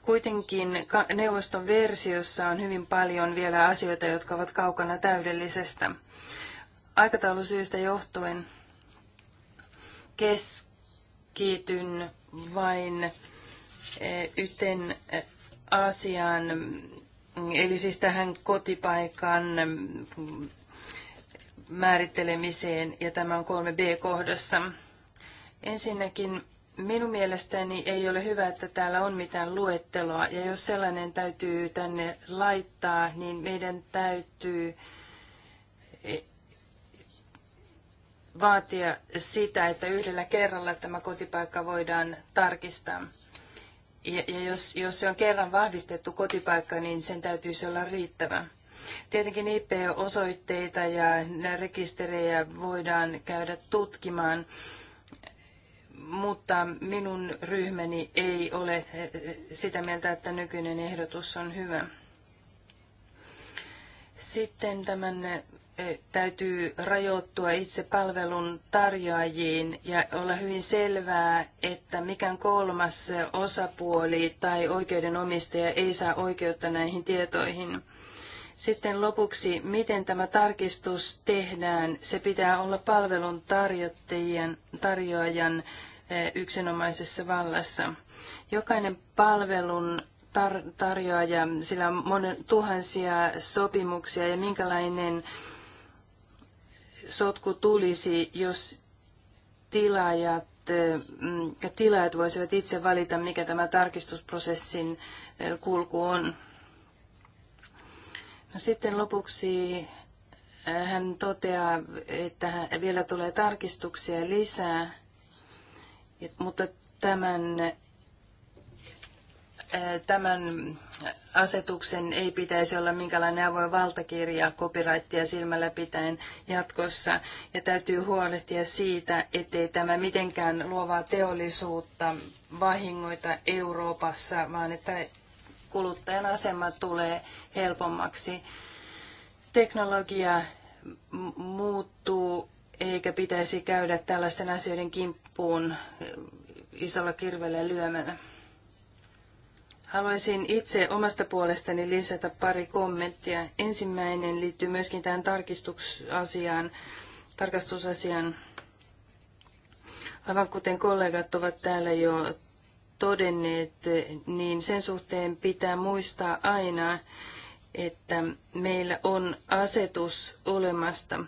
Kuitenkin neuvoston versiossa on hyvin paljon vielä asioita, jotka ovat kaukana täydellisestä. Aikataulusyistä johtuen keskityn vain eh, yhteen eh, asiaan, eli siis tähän kotipaikan mm, määrittelemiseen, ja tämä on 3b-kohdassa. Ensinnäkin minun mielestäni ei ole hyvä, että täällä on mitään luetteloa, ja jos sellainen täytyy tänne laittaa, niin meidän täytyy vaatia sitä, että yhdellä kerralla tämä kotipaikka voidaan tarkistaa. Ja, ja jos, jos se on kerran vahvistettu kotipaikka, niin sen täytyisi olla riittävä. Tietenkin IP-osoitteita ja rekisterejä voidaan käydä tutkimaan, mutta minun ryhmäni ei ole eh, eh, sitä mieltä, että nykyinen ehdotus on hyvä. Sitten tämän täytyy rajoittua itse palvelun tarjoajiin ja olla hyvin selvää, että mikään kolmas osapuoli tai oikeudenomistaja ei saa oikeutta näihin tietoihin. Sitten lopuksi, miten tämä tarkistus tehdään, se pitää olla palvelun tarjoajan yksinomaisessa vallassa. Jokainen palvelun tar- tarjoaja, sillä on monen, tuhansia sopimuksia ja minkälainen sotku tulisi, jos tilaajat, eh, tilaajat voisivat itse valita, mikä tämä tarkistusprosessin eh, kulku on. No sitten lopuksi eh, hän toteaa, että vielä tulee tarkistuksia lisää, mutta tämän tämän asetuksen ei pitäisi olla minkälainen avoin valtakirja copyrightia silmällä pitäen jatkossa. Ja täytyy huolehtia siitä, ettei tämä mitenkään luovaa teollisuutta vahingoita Euroopassa, vaan että kuluttajan asema tulee helpommaksi. Teknologia muuttuu, eikä pitäisi käydä tällaisten asioiden kimppuun isolla kirvelle lyömällä. Haluaisin itse omasta puolestani lisätä pari kommenttia. Ensimmäinen liittyy myöskin tähän tarkistusasiaan, tarkastusasiaan. Aivan kuten kollegat ovat täällä jo todenneet, niin sen suhteen pitää muistaa aina, että meillä on asetus olemasta.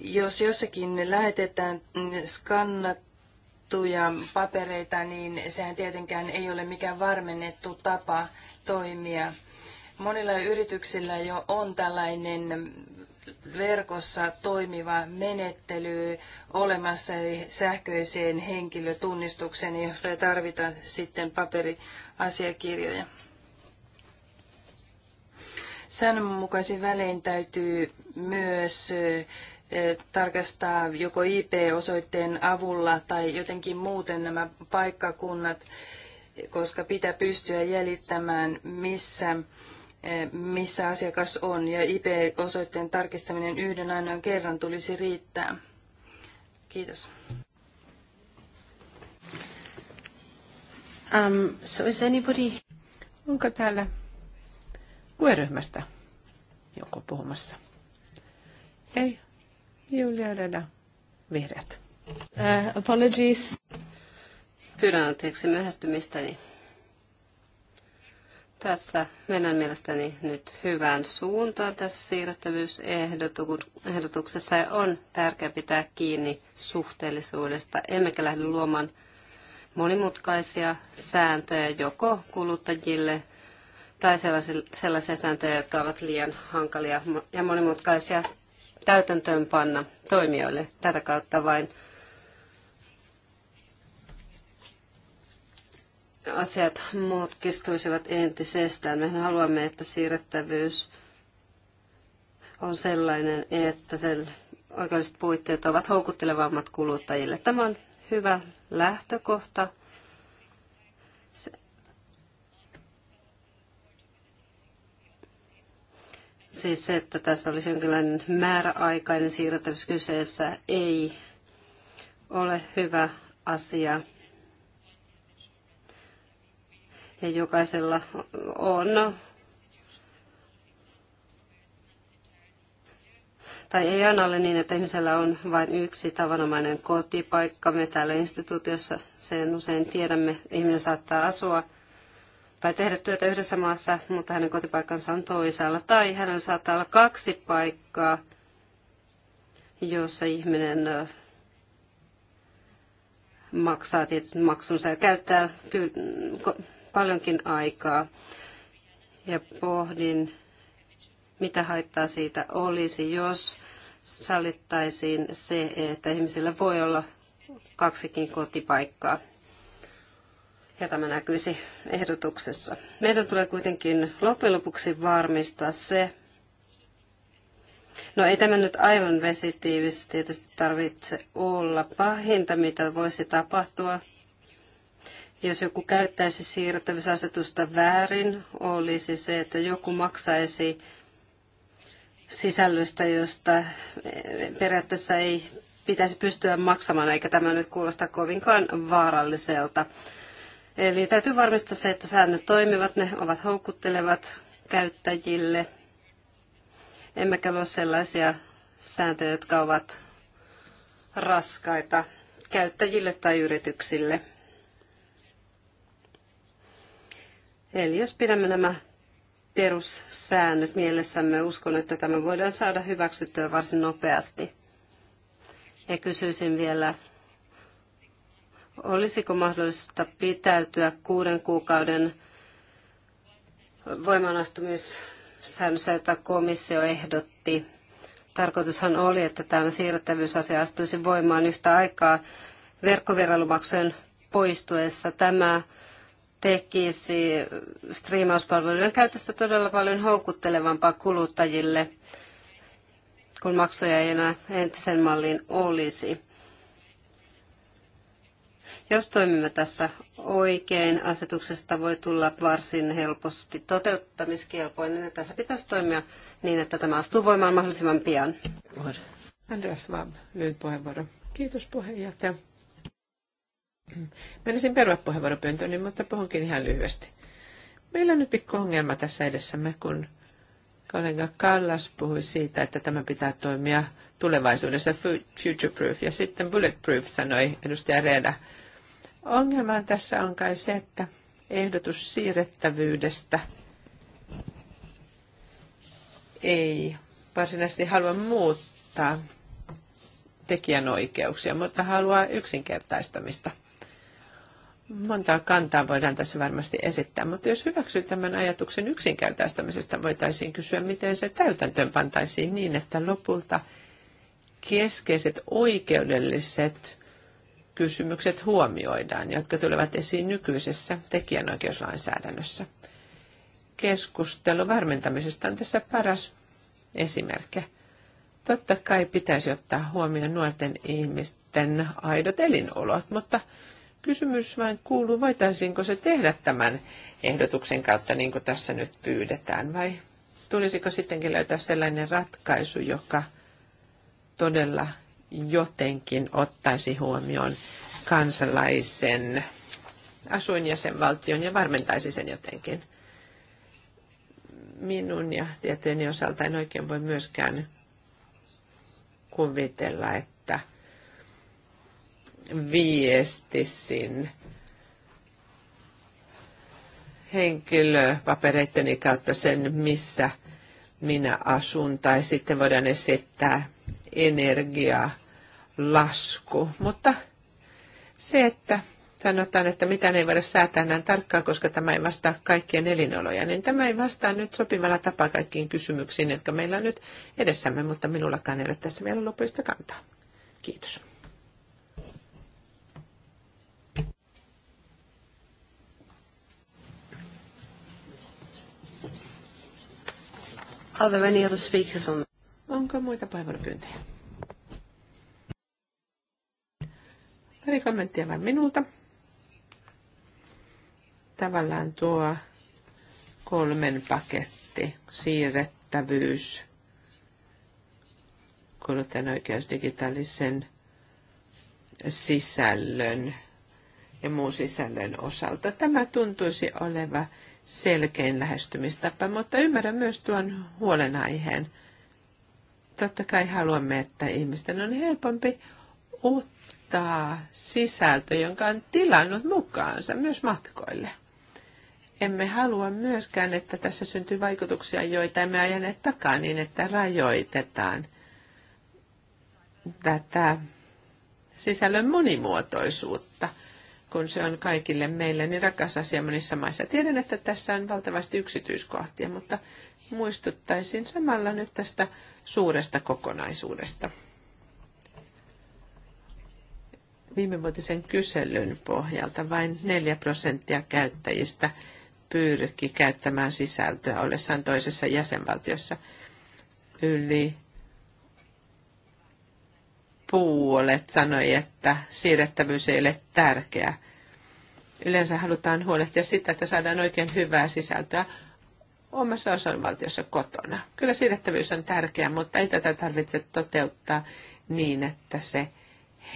Jos jossakin lähetetään mm, skannat, juttuja, papereita, niin sehän tietenkään ei ole mikään varmennettu tapa toimia. Monilla yrityksillä jo on tällainen verkossa toimiva menettely olemassa sähköiseen henkilötunnistukseen, jossa ei tarvita sitten paperiasiakirjoja. Säännönmukaisin välein täytyy myös tarkastaa joko IP-osoitteen avulla tai jotenkin muuten nämä paikkakunnat, koska pitää pystyä jäljittämään, missä, missä asiakas on. Ja IP-osoitteen tarkistaminen yhden ainoan kerran tulisi riittää. Kiitos. Um, so is anybody... Onko täällä kueryhmästä joku puhumassa? Ei, Julia Reda, vihreät. Uh, apologies. Pyydän anteeksi myöhästymistäni. Tässä mennään mielestäni nyt hyvään suuntaan tässä siirrettävyysehdotuksessa ja on tärkeää pitää kiinni suhteellisuudesta, emmekä lähde luomaan monimutkaisia sääntöjä joko kuluttajille tai sellaisia, sellaisia sääntöjä, jotka ovat liian hankalia ja monimutkaisia täytäntöönpanna toimijoille. Tätä kautta vain asiat mutkistuisivat entisestään. Me haluamme, että siirrettävyys on sellainen, että sen oikeudelliset puitteet ovat houkuttelevammat kuluttajille. Tämä on hyvä lähtökohta. Siis se, että tässä olisi jonkinlainen määräaikainen siirrettävyys kyseessä, ei ole hyvä asia. Ja jokaisella on tai ei aina ole niin, että ihmisellä on vain yksi tavanomainen kotipaikka. Me täällä instituutiossa sen usein tiedämme, ihminen saattaa asua tai tehdä työtä yhdessä maassa, mutta hänen kotipaikkansa on toisaalla. Tai hänellä saattaa olla kaksi paikkaa, jossa ihminen maksaa tietyt maksunsa ja käyttää paljonkin aikaa. Ja pohdin, mitä haittaa siitä olisi, jos sallittaisiin se, että ihmisillä voi olla kaksikin kotipaikkaa ja tämä näkyisi ehdotuksessa. Meidän tulee kuitenkin loppujen lopuksi varmistaa se, no ei tämä nyt aivan vesitiivis tietysti tarvitse olla pahinta, mitä voisi tapahtua, jos joku käyttäisi siirrettävyysasetusta väärin, olisi se, että joku maksaisi sisällöstä, josta periaatteessa ei pitäisi pystyä maksamaan, eikä tämä nyt kuulosta kovinkaan vaaralliselta. Eli täytyy varmistaa se, että säännöt toimivat, ne ovat houkuttelevat käyttäjille, emmekä luo sellaisia sääntöjä, jotka ovat raskaita käyttäjille tai yrityksille. Eli jos pidämme nämä perussäännöt mielessämme, uskon, että tämä voidaan saada hyväksyttyä varsin nopeasti. Ja kysyisin vielä Olisiko mahdollista pitäytyä kuuden kuukauden voimaanastumissäännössä, jota komissio ehdotti? Tarkoitushan oli, että tämä siirrettävyysasia astuisi voimaan yhtä aikaa verkkovierailumaksujen poistuessa. Tämä tekisi striimauspalveluiden käytöstä todella paljon houkuttelevampaa kuluttajille, kun maksuja ei enää entisen malliin olisi. Jos toimimme tässä oikein, asetuksesta voi tulla varsin helposti toteuttamiskelpoinen. Ja tässä pitäisi toimia niin, että tämä astuu voimaan mahdollisimman pian. Andreas Svab, lyhyt puheenvuoro. Kiitos puheenjohtaja. Menisin perua puheenvuoropyyntöni, niin, mutta puhunkin ihan lyhyesti. Meillä on nyt pikku ongelma tässä edessämme, kun kollega Kallas puhui siitä, että tämä pitää toimia tulevaisuudessa future-proof. Ja sitten bulletproof sanoi edustaja Reena Ongelma tässä on kai se, että ehdotus siirrettävyydestä ei varsinaisesti halua muuttaa tekijänoikeuksia, mutta haluaa yksinkertaistamista. Montaa kantaa voidaan tässä varmasti esittää, mutta jos hyväksyy tämän ajatuksen yksinkertaistamisesta, voitaisiin kysyä, miten se täytäntöön pantaisiin niin, että lopulta keskeiset oikeudelliset kysymykset huomioidaan, jotka tulevat esiin nykyisessä tekijänoikeuslainsäädännössä. Keskustelu varmentamisesta on tässä paras esimerkki. Totta kai pitäisi ottaa huomioon nuorten ihmisten aidot elinolot, mutta kysymys vain kuuluu, voitaisiinko se tehdä tämän ehdotuksen kautta, niin kuin tässä nyt pyydetään, vai tulisiko sittenkin löytää sellainen ratkaisu, joka todella jotenkin ottaisi huomioon kansalaisen asuinjäsenvaltion ja varmentaisi sen jotenkin. Minun ja tietojeni osalta en oikein voi myöskään kuvitella, että viestisin henkilöpapereitteni kautta sen, missä minä asun, tai sitten voidaan esittää energiaa lasku. Mutta se, että sanotaan, että mitä ei voida säätää näin tarkkaan, koska tämä ei vastaa kaikkien elinoloja, niin tämä ei vastaa nyt sopivalla tapaa kaikkiin kysymyksiin, jotka meillä on nyt edessämme, mutta minullakaan ei ole tässä vielä lopullista kantaa. Kiitos. Are there any other speakers on? Onko muita puheenvuoropyyntöjä? Pari kommenttia vain minulta. Tavallaan tuo kolmen paketti, siirrettävyys, kuluttajan oikeus digitaalisen sisällön ja muun sisällön osalta. Tämä tuntuisi oleva selkein lähestymistapa, mutta ymmärrän myös tuon huolenaiheen. Totta kai haluamme, että ihmisten on helpompi uutta ottaa sisältö, jonka on tilannut mukaansa myös matkoille. Emme halua myöskään, että tässä syntyy vaikutuksia, joita emme ajaneet takaa niin, että rajoitetaan tätä sisällön monimuotoisuutta, kun se on kaikille meille niin rakas asia monissa maissa. Tiedän, että tässä on valtavasti yksityiskohtia, mutta muistuttaisin samalla nyt tästä suuresta kokonaisuudesta. viimevuotisen kyselyn pohjalta vain 4 prosenttia käyttäjistä pyrki käyttämään sisältöä ollessaan toisessa jäsenvaltiossa. Yli puolet sanoi, että siirrettävyys ei ole tärkeä. Yleensä halutaan huolehtia sitä, että saadaan oikein hyvää sisältöä omassa osoinvaltiossa kotona. Kyllä siirrettävyys on tärkeää, mutta ei tätä tarvitse toteuttaa niin, että se –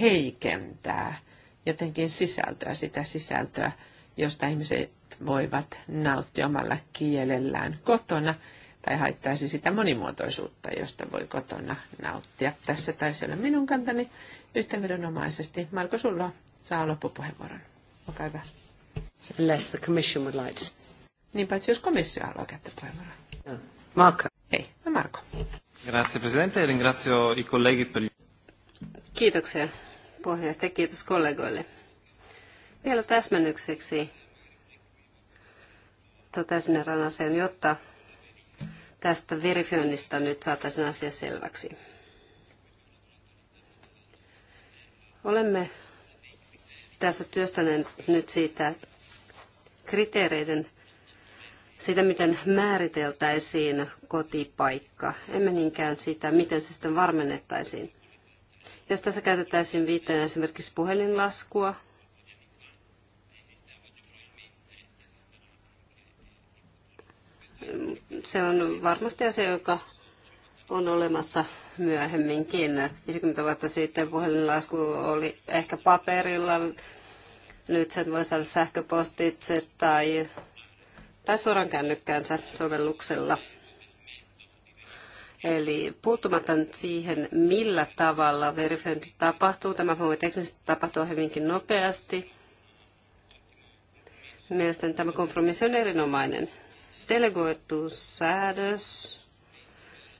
heikentää jotenkin sisältöä, sitä sisältöä, josta ihmiset voivat nauttia omalla kielellään kotona, tai haittaisi sitä monimuotoisuutta, josta voi kotona nauttia. Tässä taisi olla minun kantani yhteenvedonomaisesti. Marko, sulla saa loppupuheenvuoron. Olkaa hyvä. Unless the commission would like to... Niin paitsi jos komissio haluaa käyttää puheenvuoroa. No. Marko. Hei, Marko. Grazie Presidente, e ringrazio i colleghi per... Kiitoksia puheenjohtaja, kiitos kollegoille. Vielä täsmennykseksi totesin erään asian, jotta tästä verifioinnista nyt saataisiin asia selväksi. Olemme tässä työstäneet nyt siitä kriteereiden, siitä miten määriteltäisiin kotipaikka, emme niinkään sitä, miten se sitten varmennettaisiin. Jos tässä käytettäisiin viitteenä esimerkiksi puhelinlaskua, se on varmasti asia, joka on olemassa myöhemminkin. 50 vuotta sitten puhelinlasku oli ehkä paperilla, nyt sen voi saada sähköpostitse tai, tai suoraan kännykkäänsä sovelluksella. Eli puuttumatta nyt siihen, millä tavalla verifiointi tapahtuu, tämä voi teknisesti tapahtua hyvinkin nopeasti. Mielestäni tämä kompromissi on erinomainen. Delegoitu säädös,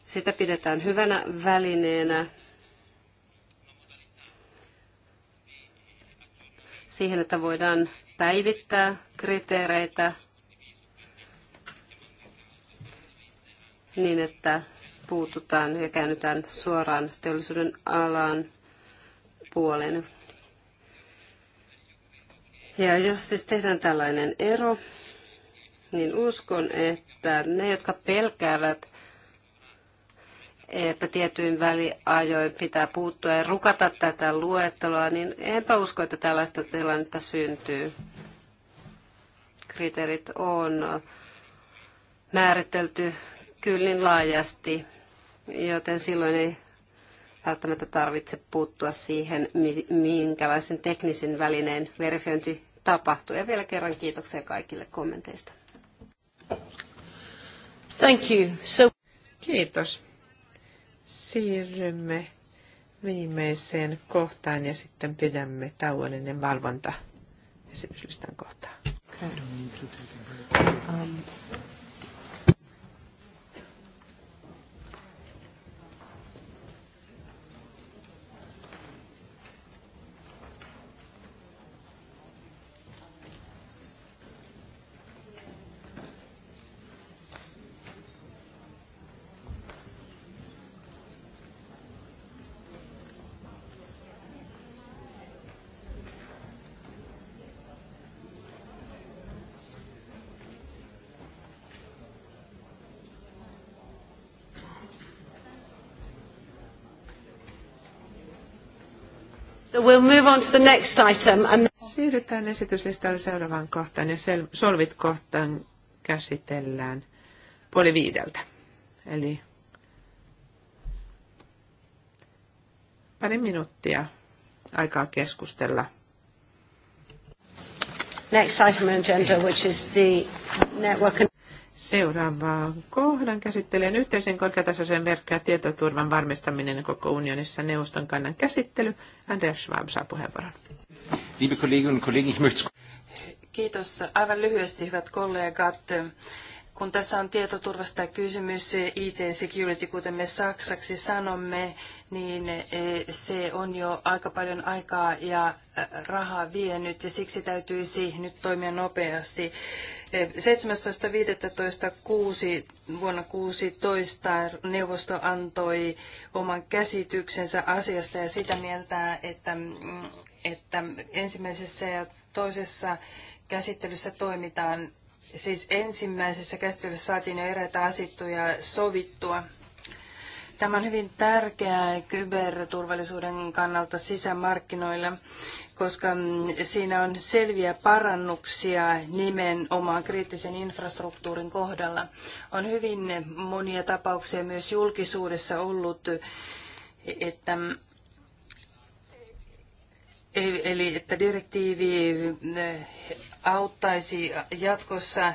sitä pidetään hyvänä välineenä siihen, että voidaan päivittää kriteereitä niin, että puututaan ja käännytään suoraan teollisuuden alan puolen. Ja jos siis tehdään tällainen ero, niin uskon, että ne, jotka pelkäävät, että tietyin väliajoin pitää puuttua ja rukata tätä luetteloa, niin enpä usko, että tällaista tilannetta syntyy. Kriteerit on määritelty kyllin niin laajasti joten silloin ei välttämättä tarvitse puuttua siihen, minkälaisen teknisen välineen verifiointi tapahtuu. Ja vielä kerran kiitoksia kaikille kommenteista. Thank you. So... Kiitos. Siirrymme viimeiseen kohtaan ja sitten pidämme tauon ennen valvonta esityslistan kohtaa. Okay. Um, we'll move on to the next item. And... Siirrytään esityslistalle seuraavaan kohtaan ja sel- solvit kohtaan käsitellään puoli viideltä. Eli pari minuuttia aikaa keskustella. Next item on agenda, which is the network and Seuraavaan kohdan käsittelen yhteisen korkeatasoisen verkko- ja tietoturvan varmistaminen koko unionissa neuvoston kannan käsittely. Anders Schwab saa puheenvuoron. Kiitos. Aivan lyhyesti, hyvät kollegat. Kun tässä on tietoturvasta kysymys, IT security, kuten me saksaksi sanomme, niin e, se on jo aika paljon aikaa ja rahaa vienyt ja siksi täytyisi nyt toimia nopeasti. 17.15.6. E, vuonna 16 neuvosto antoi oman käsityksensä asiasta ja sitä mieltä, että, mm, että ensimmäisessä ja toisessa käsittelyssä toimitaan Siis ensimmäisessä käsittelyssä saatiin jo eräitä asittuja sovittua. Tämä on hyvin tärkeää kyberturvallisuuden kannalta sisämarkkinoilla, koska siinä on selviä parannuksia nimenomaan kriittisen infrastruktuurin kohdalla. On hyvin monia tapauksia myös julkisuudessa ollut, että Eli että direktiivi auttaisi jatkossa,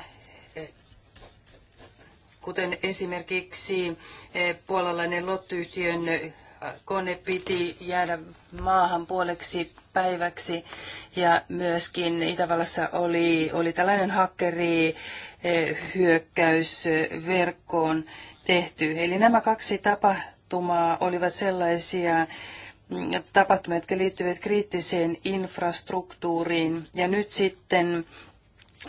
kuten esimerkiksi e, puolalainen lottuyhtiön kone piti jäädä maahan puoleksi päiväksi. Ja myöskin Itävallassa oli, oli tällainen hakkeri e, hyökkäys verkkoon tehty. Eli nämä kaksi tapahtumaa olivat sellaisia, tapahtumia, jotka liittyvät kriittiseen infrastruktuuriin. Ja nyt sitten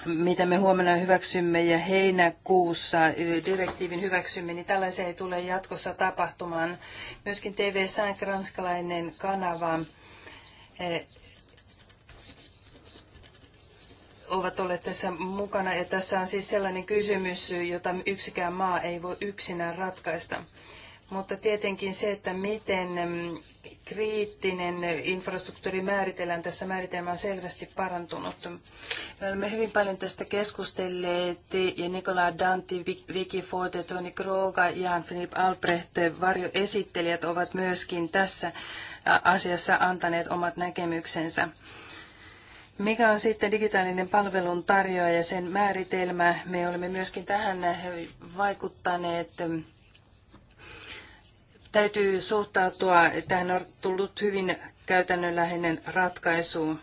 mitä me huomenna hyväksymme ja heinäkuussa direktiivin hyväksymme, niin tällaisia ei tule jatkossa tapahtumaan. Myöskin TV5, ranskalainen kanava, eh, ovat olleet tässä mukana. Ja tässä on siis sellainen kysymys, jota yksikään maa ei voi yksinään ratkaista. Mutta tietenkin se, että miten kriittinen infrastruktuuri määritellään tässä määritelmä on selvästi parantunut. Me olemme hyvin paljon tästä keskustelleet ja Nikola Danti, Vicky Forte, Toni Kroga, Jan Philip Albrecht, varjoesittelijät ovat myöskin tässä asiassa antaneet omat näkemyksensä. Mikä on sitten digitaalinen palvelun tarjoaja ja sen määritelmä? Me olemme myöskin tähän vaikuttaneet täytyy suhtautua tähän on tullut hyvin käytännönläheinen ratkaisu.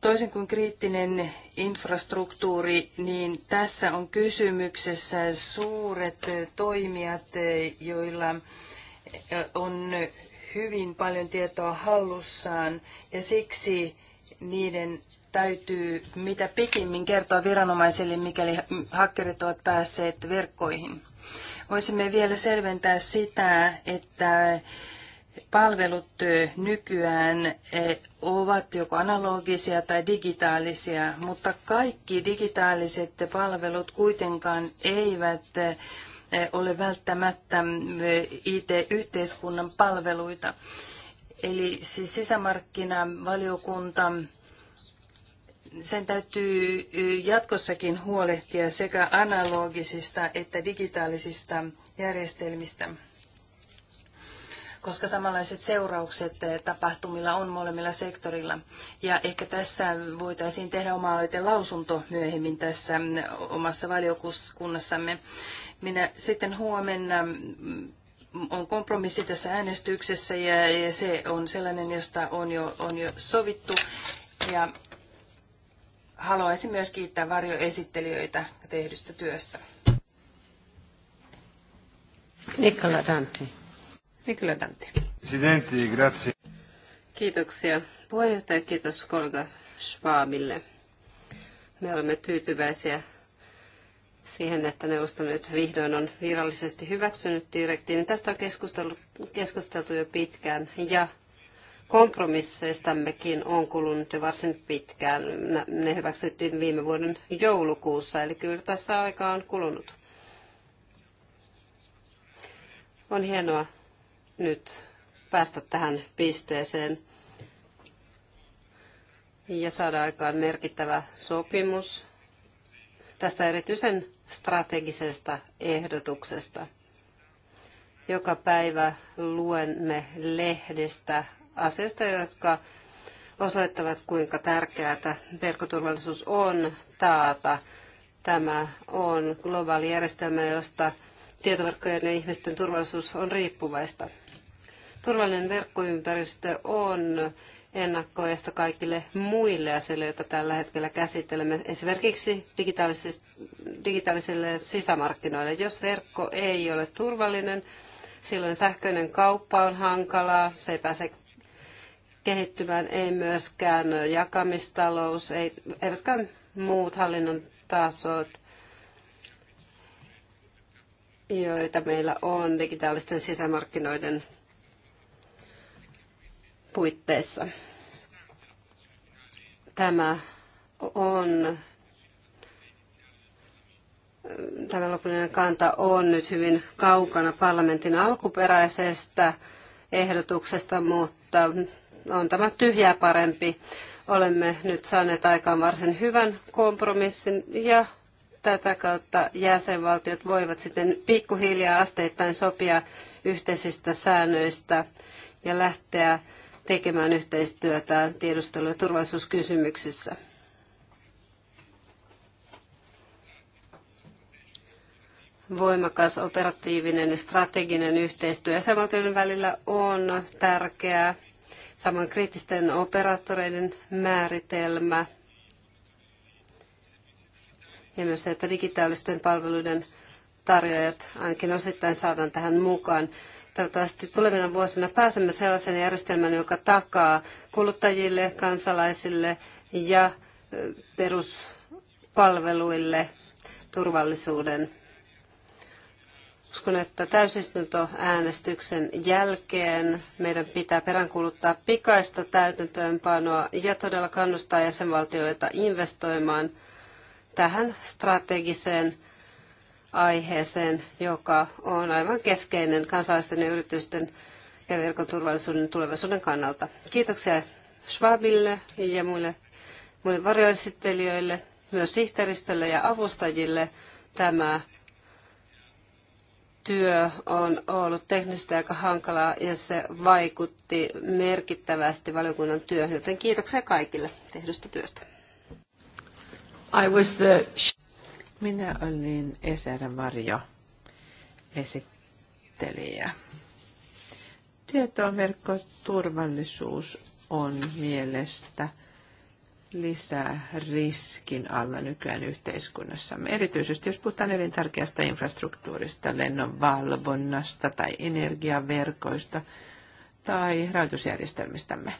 Toisin kuin kriittinen infrastruktuuri, niin tässä on kysymyksessä suuret toimijat, joilla on hyvin paljon tietoa hallussaan ja siksi niiden täytyy mitä pikimmin kertoa viranomaisille, mikäli hakkerit ovat päässeet verkkoihin. Voisimme vielä selventää sitä, että palvelut nykyään ovat joko analogisia tai digitaalisia, mutta kaikki digitaaliset palvelut kuitenkaan eivät ole välttämättä IT-yhteiskunnan palveluita. Eli siis sisämarkkinavaliokunta valiokunta sen täytyy jatkossakin huolehtia sekä analogisista että digitaalisista järjestelmistä, koska samanlaiset seuraukset tapahtumilla on molemmilla sektorilla. Ja ehkä tässä voitaisiin tehdä oma lausunto myöhemmin tässä omassa valiokunnassamme. Minä sitten huomenna on kompromissi tässä äänestyksessä ja, se on sellainen, josta on jo, on jo sovittu. Ja haluaisin myös kiittää varjoesittelijöitä tehdystä työstä. Nikola Dante. Nikola Dante. Presidenti, grazie. Kiitoksia puheenjohtaja, kiitos kolga Schwabille. Me olemme tyytyväisiä siihen, että neuvosto nyt vihdoin on virallisesti hyväksynyt direktiivin. Tästä on keskusteltu, keskusteltu jo pitkään ja kompromisseistammekin on kulunut jo varsin pitkään. Ne hyväksyttiin viime vuoden joulukuussa, eli kyllä tässä aika on kulunut. On hienoa nyt päästä tähän pisteeseen ja saada aikaan merkittävä sopimus tästä erityisen strategisesta ehdotuksesta. Joka päivä luemme lehdistä asioista, jotka osoittavat, kuinka tärkeää verkkoturvallisuus on taata. Tämä on globaali järjestelmä, josta tietoverkkojen ja ihmisten turvallisuus on riippuvaista. Turvallinen verkkoympäristö on ennakkoehto kaikille muille asioille, joita tällä hetkellä käsittelemme, esimerkiksi digitaalisille sisämarkkinoille. Jos verkko ei ole turvallinen, silloin sähköinen kauppa on hankalaa, se ei pääse kehittyvään, ei myöskään jakamistalous, ei, eivätkään muut hallinnon tasot, joita meillä on digitaalisten sisämarkkinoiden puitteissa. Tämä on tämä lopullinen kanta on nyt hyvin kaukana parlamentin alkuperäisestä ehdotuksesta, mutta on tämä tyhjää parempi. Olemme nyt saaneet aikaan varsin hyvän kompromissin ja tätä kautta jäsenvaltiot voivat sitten pikkuhiljaa asteittain sopia yhteisistä säännöistä ja lähteä tekemään yhteistyötä tiedustelu- ja turvallisuuskysymyksissä. voimakas operatiivinen ja strateginen yhteistyö jäsenvaltioiden välillä on tärkeää saman kriittisten operaattoreiden määritelmä ja myös se, että digitaalisten palveluiden tarjoajat ainakin osittain saadaan tähän mukaan. Toivottavasti tulevina vuosina pääsemme sellaisen järjestelmän, joka takaa kuluttajille, kansalaisille ja peruspalveluille turvallisuuden. Uskon, että täysistuntoäänestyksen jälkeen meidän pitää peräänkuuluttaa pikaista täytäntöönpanoa ja todella kannustaa jäsenvaltioita investoimaan tähän strategiseen aiheeseen, joka on aivan keskeinen kansalaisten ja yritysten ja verkon turvallisuuden tulevaisuuden kannalta. Kiitoksia Schwabille ja muille, muille varjoesittelijöille, myös sihteeristölle ja avustajille. Tämä työ on ollut teknisesti aika hankalaa ja se vaikutti merkittävästi valiokunnan työhön, joten kiitoksia kaikille tehdystä työstä. I was the... Minä olin Eseren Marjo esittelijä. Tietoverkkoturvallisuus on mielestä lisää riskin alla nykyään yhteiskunnassamme. Erityisesti jos puhutaan elintärkeästä infrastruktuurista, lennonvalvonnasta tai energiaverkoista tai rahoitusjärjestelmistämme.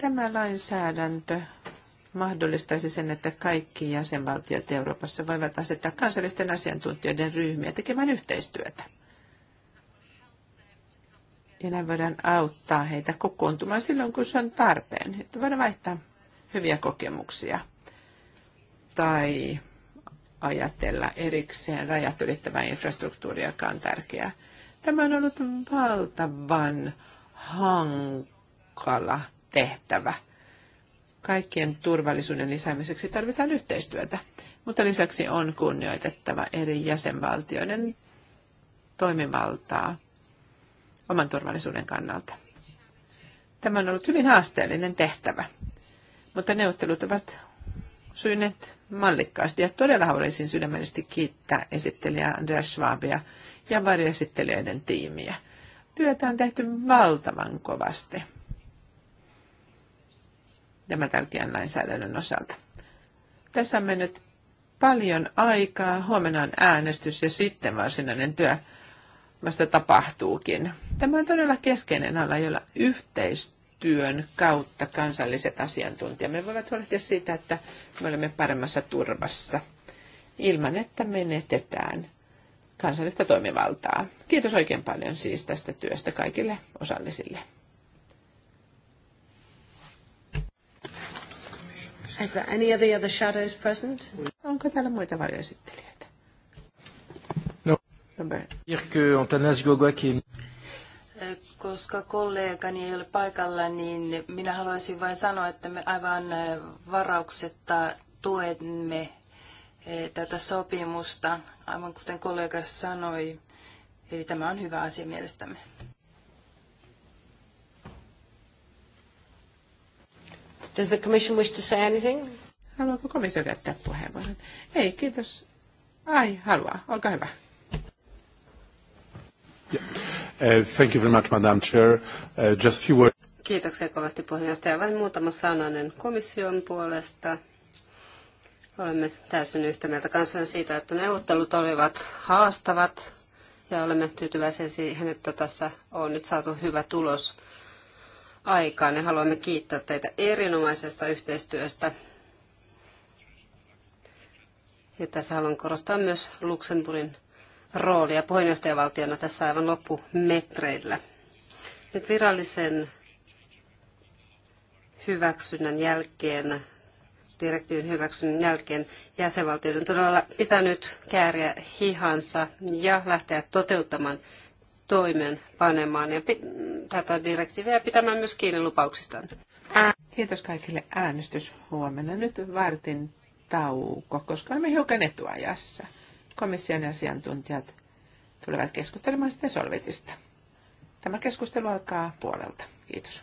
Tämä lainsäädäntö mahdollistaisi sen, että kaikki jäsenvaltiot Euroopassa voivat asettaa kansallisten asiantuntijoiden ryhmiä tekemään yhteistyötä. Ja näin voidaan auttaa heitä kokoontumaan silloin, kun se on tarpeen, että voidaan vaihtaa hyviä kokemuksia tai ajatella erikseen rajat ylittävää infrastruktuuria, joka on tärkeää. Tämä on ollut valtavan hankala tehtävä. Kaikkien turvallisuuden lisäämiseksi tarvitaan yhteistyötä, mutta lisäksi on kunnioitettava eri jäsenvaltioiden toimivaltaa oman turvallisuuden kannalta. Tämä on ollut hyvin haasteellinen tehtävä, mutta neuvottelut ovat sujuneet mallikkaasti ja todella haluaisin sydämellisesti kiittää esittelijä Andreas Schwabia ja varjoesittelijöiden tiimiä. Työtä on tehty valtavan kovasti tämän tärkeän lainsäädännön osalta. Tässä on mennyt paljon aikaa, huomenna on äänestys ja sitten varsinainen työ vasta tapahtuukin. Tämä on todella keskeinen ala, jolla yhteistyön kautta kansalliset asiantuntijamme voivat huolehtia siitä, että me olemme paremmassa turvassa ilman, että menetetään kansallista toimivaltaa. Kiitos oikein paljon siis tästä työstä kaikille osallisille. Is there any the other shadows present? Onko täällä muita varjoesittelijöitä? Koska kollegani ei ole paikalla, niin minä haluaisin vain sanoa, että me aivan varauksetta tuemme tätä sopimusta, aivan kuten kollega sanoi. Eli tämä on hyvä asia mielestämme. Does the commission wish to say anything? Haluaako komissio käyttää puheenvuoron? Ei, kiitos. Ai, haluaa. Olkaa hyvä. Uh, thank you very much, Madam Chair. Uh, just few words. Kiitoksia kovasti puheenjohtaja. Vain muutama sananen komission puolesta. Olemme täysin yhtä mieltä kanssani siitä, että neuvottelut olivat haastavat ja olemme tyytyväisiä siihen, että tässä on nyt saatu hyvä tulos aikaan ja haluamme kiittää teitä erinomaisesta yhteistyöstä. Ja tässä haluan korostaa myös Luxemburgin roolia puheenjohtajavaltiona tässä aivan loppumetreillä. Nyt virallisen hyväksynnän jälkeen, direktiivin hyväksynnän jälkeen jäsenvaltioiden todella pitänyt kääriä hihansa ja lähteä toteuttamaan toimen panemaan ja tätä direktiiviä pitämään myös kiinni lupauksistaan. Kiitos kaikille äänestys huomenna. Nyt vartin tauko, koska olemme hiukan etuajassa komission asiantuntijat tulevat keskustelemaan sitten Solvitista. Tämä keskustelu alkaa puolelta. Kiitos.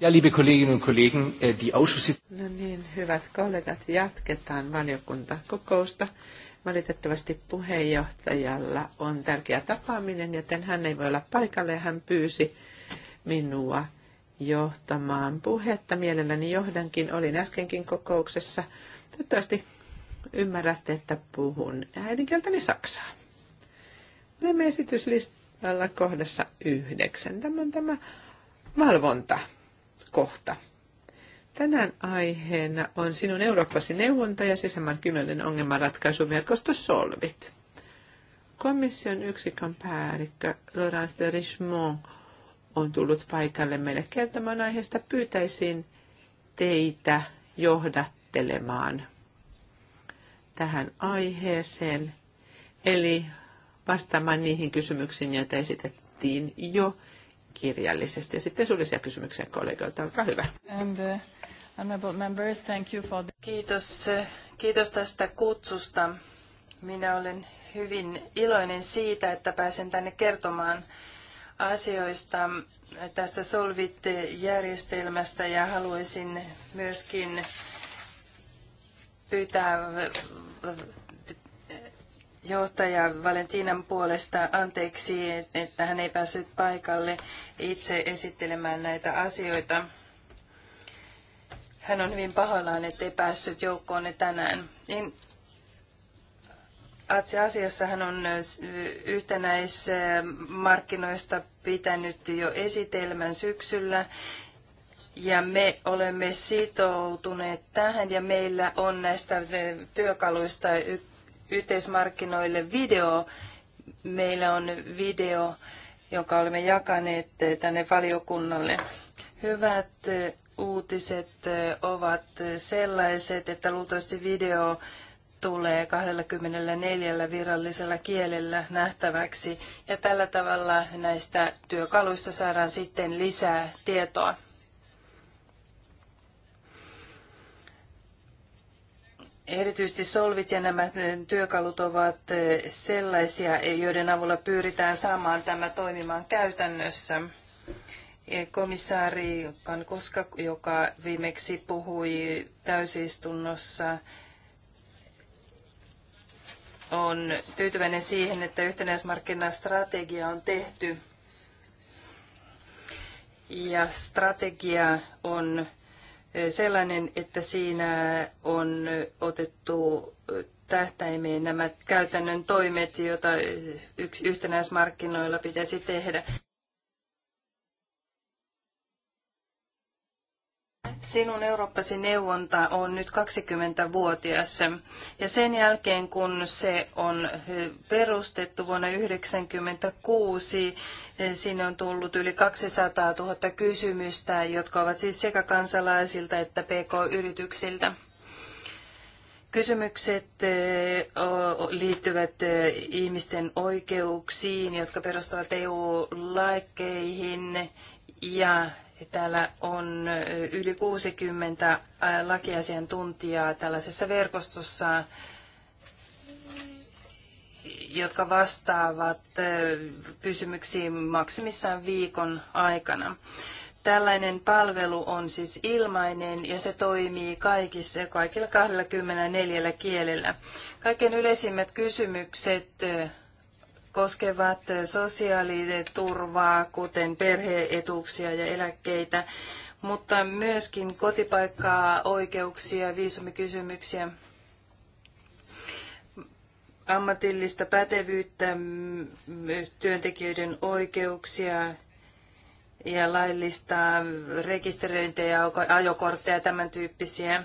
Ja, liebe Kolleginnen und Kollegen, äh, die Ausschusssitzung. No niin, hyvät kollegat, jatketaan valiokuntakokousta. Valitettavasti puheenjohtajalla on tärkeä tapaaminen, joten hän ei voi olla paikalla ja hän pyysi minua johtamaan puhetta. Mielelläni johdankin, olin äskenkin kokouksessa. Toivottavasti ymmärrätte, että puhun äidinkieltäni saksaa. Olemme esityslistalla kohdassa yhdeksän. Tämä on tämä valvonta kohta. Tänään aiheena on sinun Eurooppasi neuvonta ja sisämarkkinoiden ongelmanratkaisuverkosto Solvit. Komission yksikön päällikkö Laurence de Richemont on tullut paikalle meille kertomaan aiheesta. Pyytäisin teitä johdattelemaan tähän aiheeseen, eli vastaamaan niihin kysymyksiin, joita esitettiin jo kirjallisesti. Ja Sitten suullisia kysymyksiä kollegoilta. Olkaa hyvä. And, uh, members, thank you for the... Kiitos, kiitos tästä kutsusta. Minä olen hyvin iloinen siitä, että pääsen tänne kertomaan asioista tästä Solvit-järjestelmästä ja haluaisin myöskin pyytää johtaja Valentinan puolesta anteeksi, että hän ei päässyt paikalle itse esittelemään näitä asioita. Hän on hyvin pahoillaan, ettei päässyt joukkoonne tänään. En asiassa hän on yhtenäismarkkinoista pitänyt jo esitelmän syksyllä ja me olemme sitoutuneet tähän ja meillä on näistä työkaluista yhteismarkkinoille video. Meillä on video, jonka olemme jakaneet tänne valiokunnalle. Hyvät eh, uutiset eh, ovat sellaiset, että luultavasti video tulee 24 virallisella kielellä nähtäväksi ja tällä tavalla näistä työkaluista saadaan sitten lisää tietoa. Erityisesti solvit ja nämä työkalut ovat sellaisia, joiden avulla pyritään saamaan tämä toimimaan käytännössä. Komissaari Kankoska, joka viimeksi puhui täysistunnossa, on tyytyväinen siihen, että yhtenäismarkkinastrategia on tehty. Ja strategia on sellainen, että siinä on otettu tähtäimeen nämä käytännön toimet, joita yhtenäismarkkinoilla pitäisi tehdä. Sinun Eurooppasi neuvonta on nyt 20-vuotias ja sen jälkeen kun se on eh, perustettu vuonna 1996, eh, sinne on tullut yli 200 000 kysymystä, jotka ovat siis sekä kansalaisilta että pk-yrityksiltä. Kysymykset eh, liittyvät ihmisten oikeuksiin, jotka perustuvat EU-laikkeihin ja Täällä on yli 60 lakiasiantuntijaa tällaisessa verkostossa, jotka vastaavat kysymyksiin maksimissaan viikon aikana. Tällainen palvelu on siis ilmainen ja se toimii kaikissa, kaikilla 24 kielellä. Kaiken yleisimmät kysymykset koskevat sosiaaliturvaa, kuten perheetuuksia ja eläkkeitä, mutta myöskin kotipaikkaa, oikeuksia, viisumikysymyksiä, ammatillista pätevyyttä, työntekijöiden oikeuksia ja laillista rekisteröintiä ja ajokortteja, tämän tyyppisiä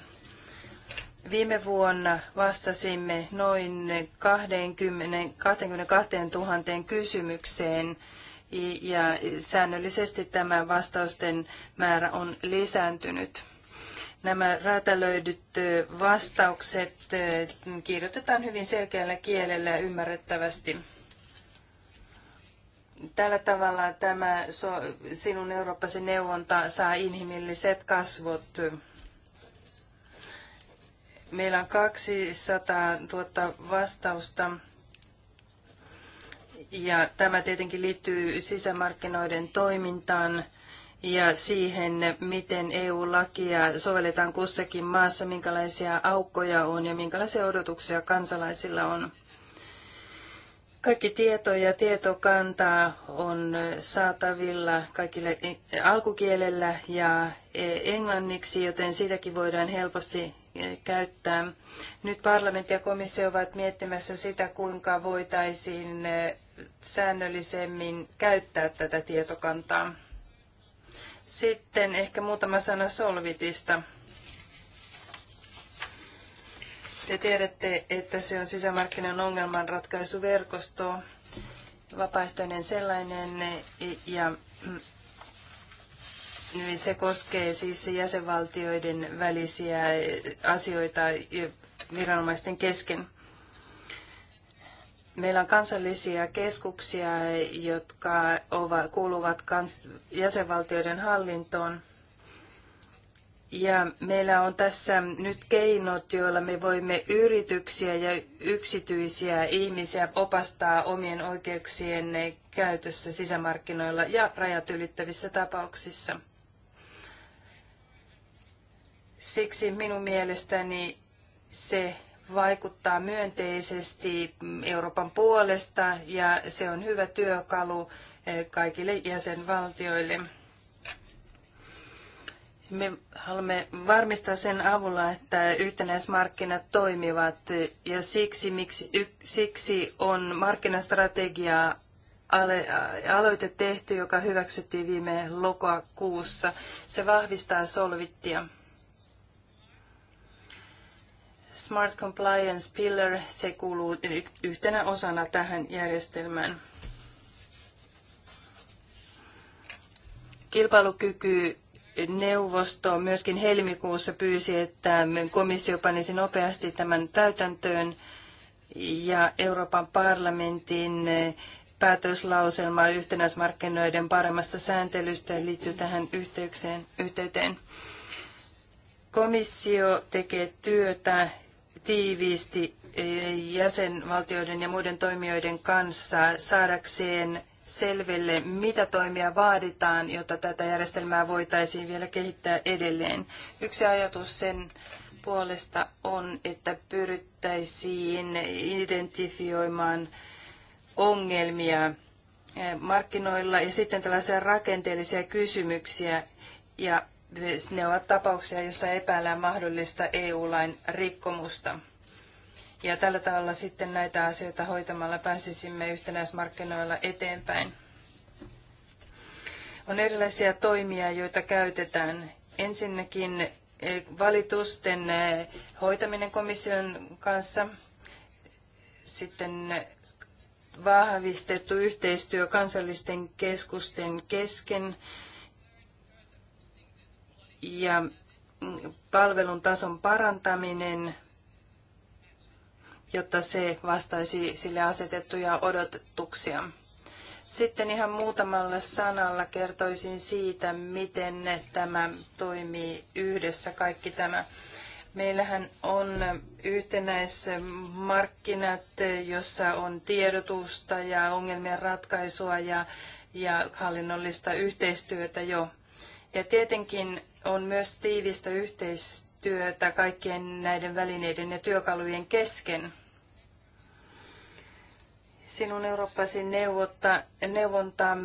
Viime vuonna vastasimme noin 20, 22 000 kysymykseen ja säännöllisesti tämä vastausten määrä on lisääntynyt. Nämä räätälöidyt vastaukset eh, kirjoitetaan hyvin selkeällä kielellä ja ymmärrettävästi. Tällä tavalla tämä sinun Euroopasi neuvonta saa inhimilliset kasvot Meillä on 200 tuotta vastausta. Ja tämä tietenkin liittyy sisämarkkinoiden toimintaan ja siihen, miten EU-lakia sovelletaan kussakin maassa, minkälaisia aukkoja on ja minkälaisia odotuksia kansalaisilla on. Kaikki tieto ja tietokanta on saatavilla kaikille alkukielellä ja e- englanniksi, joten sitäkin voidaan helposti käyttää. Nyt parlamentti ja komissio ovat miettimässä sitä, kuinka voitaisiin eh, säännöllisemmin käyttää tätä tietokantaa. Sitten ehkä muutama sana Solvitista. Te tiedätte, että se on sisämarkkinan ongelmanratkaisuverkosto, vapaaehtoinen sellainen, eh, ja mm, niin se koskee siis jäsenvaltioiden välisiä asioita viranomaisten kesken. Meillä on kansallisia keskuksia, jotka ovat, kuuluvat kans, jäsenvaltioiden hallintoon. Ja meillä on tässä nyt keinot, joilla me voimme yrityksiä ja yksityisiä ihmisiä opastaa omien oikeuksien käytössä sisämarkkinoilla ja rajat ylittävissä tapauksissa. Siksi minun mielestäni se vaikuttaa myönteisesti Euroopan puolesta ja se on hyvä työkalu eh, kaikille jäsenvaltioille. Me haluamme varmistaa sen avulla, että yhtenäismarkkinat toimivat ja siksi, miksi, siksi on markkinastrategia aloite tehty, joka hyväksyttiin viime lokakuussa. Se vahvistaa solvittia. Smart Compliance Pillar, se kuuluu yhtenä osana tähän järjestelmään. Kilpailukyky neuvosto myöskin helmikuussa pyysi, että komissio panisi nopeasti tämän täytäntöön ja Euroopan parlamentin päätöslauselma yhtenäismarkkinoiden paremmasta sääntelystä liittyy tähän yhteyteen. Komissio tekee työtä tiiviisti eh, jäsenvaltioiden ja muiden toimijoiden kanssa saadakseen selville, mitä toimia vaaditaan, jotta tätä järjestelmää voitaisiin vielä kehittää edelleen. Yksi ajatus sen puolesta on, että pyrittäisiin identifioimaan ongelmia eh, markkinoilla ja sitten tällaisia rakenteellisia kysymyksiä ja ne ovat tapauksia, joissa epäillään mahdollista EU-lain rikkomusta. Ja tällä tavalla sitten näitä asioita hoitamalla pääsisimme yhtenäismarkkinoilla eteenpäin. On erilaisia toimia, joita käytetään. Ensinnäkin e, valitusten e, hoitaminen komission kanssa, sitten vahvistettu yhteistyö kansallisten keskusten kesken, ja palvelun tason parantaminen, jotta se vastaisi sille asetettuja odotuksia. Sitten ihan muutamalla sanalla kertoisin siitä, miten tämä toimii yhdessä kaikki tämä. Meillähän on yhtenäismarkkinat, jossa on tiedotusta ja ongelmien ratkaisua ja, ja hallinnollista yhteistyötä jo. Ja tietenkin on myös tiivistä yhteistyötä kaikkien näiden välineiden ja työkalujen kesken. Sinun Eurooppasi neuvotta, neuvonta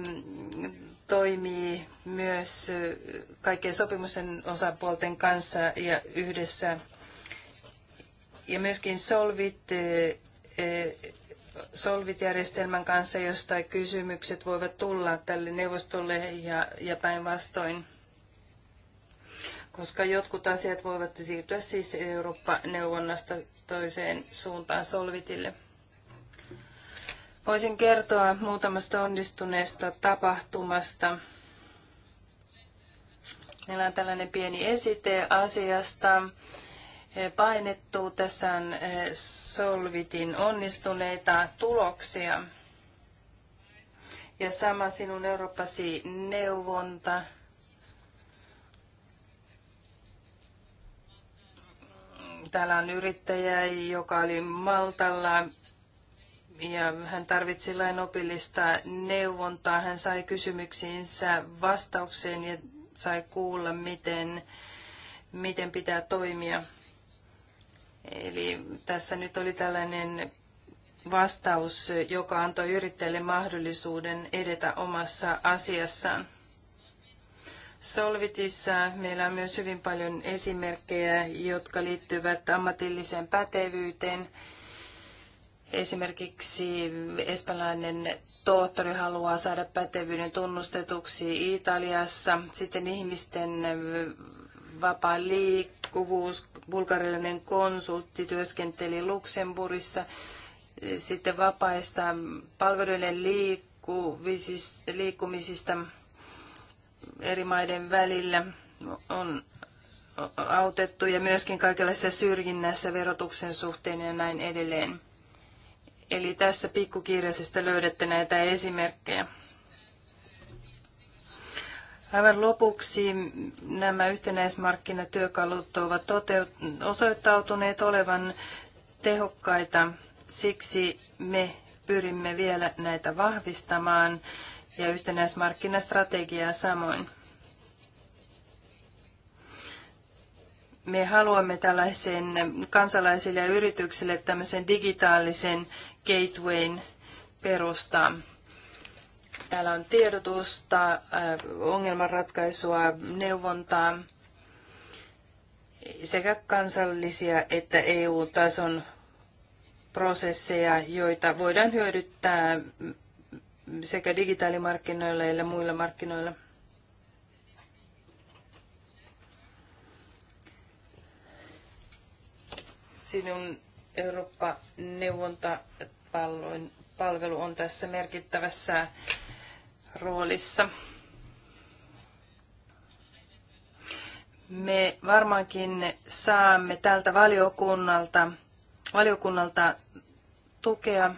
toimii myös kaikkien sopimusten osapuolten kanssa ja yhdessä. Ja myöskin Solvit, eh, Solvit-järjestelmän kanssa, josta kysymykset voivat tulla tälle neuvostolle ja, ja päinvastoin koska jotkut asiat voivat siirtyä siis Eurooppa-neuvonnasta toiseen suuntaan Solvitille. Voisin kertoa muutamasta onnistuneesta tapahtumasta. Meillä on tällainen pieni esite asiasta painettu. Tässä on eh, Solvitin onnistuneita tuloksia. Ja sama sinun Eurooppasi neuvonta Täällä on yrittäjä, joka oli Maltalla ja hän tarvitsi lainopillista neuvontaa. Hän sai kysymyksiinsä vastaukseen ja sai kuulla, miten, miten pitää toimia. Eli tässä nyt oli tällainen vastaus, joka antoi yrittäjälle mahdollisuuden edetä omassa asiassaan. Solvitissa meillä on myös hyvin paljon esimerkkejä, jotka liittyvät ammatilliseen pätevyyteen. Esimerkiksi espanjalainen tohtori haluaa saada pätevyyden tunnustetuksi Italiassa. Sitten ihmisten vapaa liikkuvuus, bulgarilainen konsultti työskenteli Luxemburgissa. Sitten vapaista palveluiden liikkumisista eri maiden välillä on autettu ja myöskin kaikenlaisessa syrjinnässä verotuksen suhteen ja näin edelleen. Eli tässä pikkukirjasesta löydätte näitä esimerkkejä. Aivan lopuksi nämä yhtenäismarkkinatyökalut ovat toteut- osoittautuneet olevan tehokkaita. Siksi me pyrimme vielä näitä vahvistamaan ja yhtenäismarkkinastrategiaa samoin. Me haluamme tällaisen kansalaisille ja yrityksille tämmöisen digitaalisen gatewayn perustaa. Täällä on tiedotusta, äh, ongelmanratkaisua, neuvontaa sekä kansallisia että EU-tason prosesseja, joita voidaan hyödyttää sekä digitaalimarkkinoilla että muilla markkinoilla. Sinun Eurooppa-neuvontapalvelu on tässä merkittävässä roolissa. Me varmaankin saamme tältä valiokunnalta, valiokunnalta tukea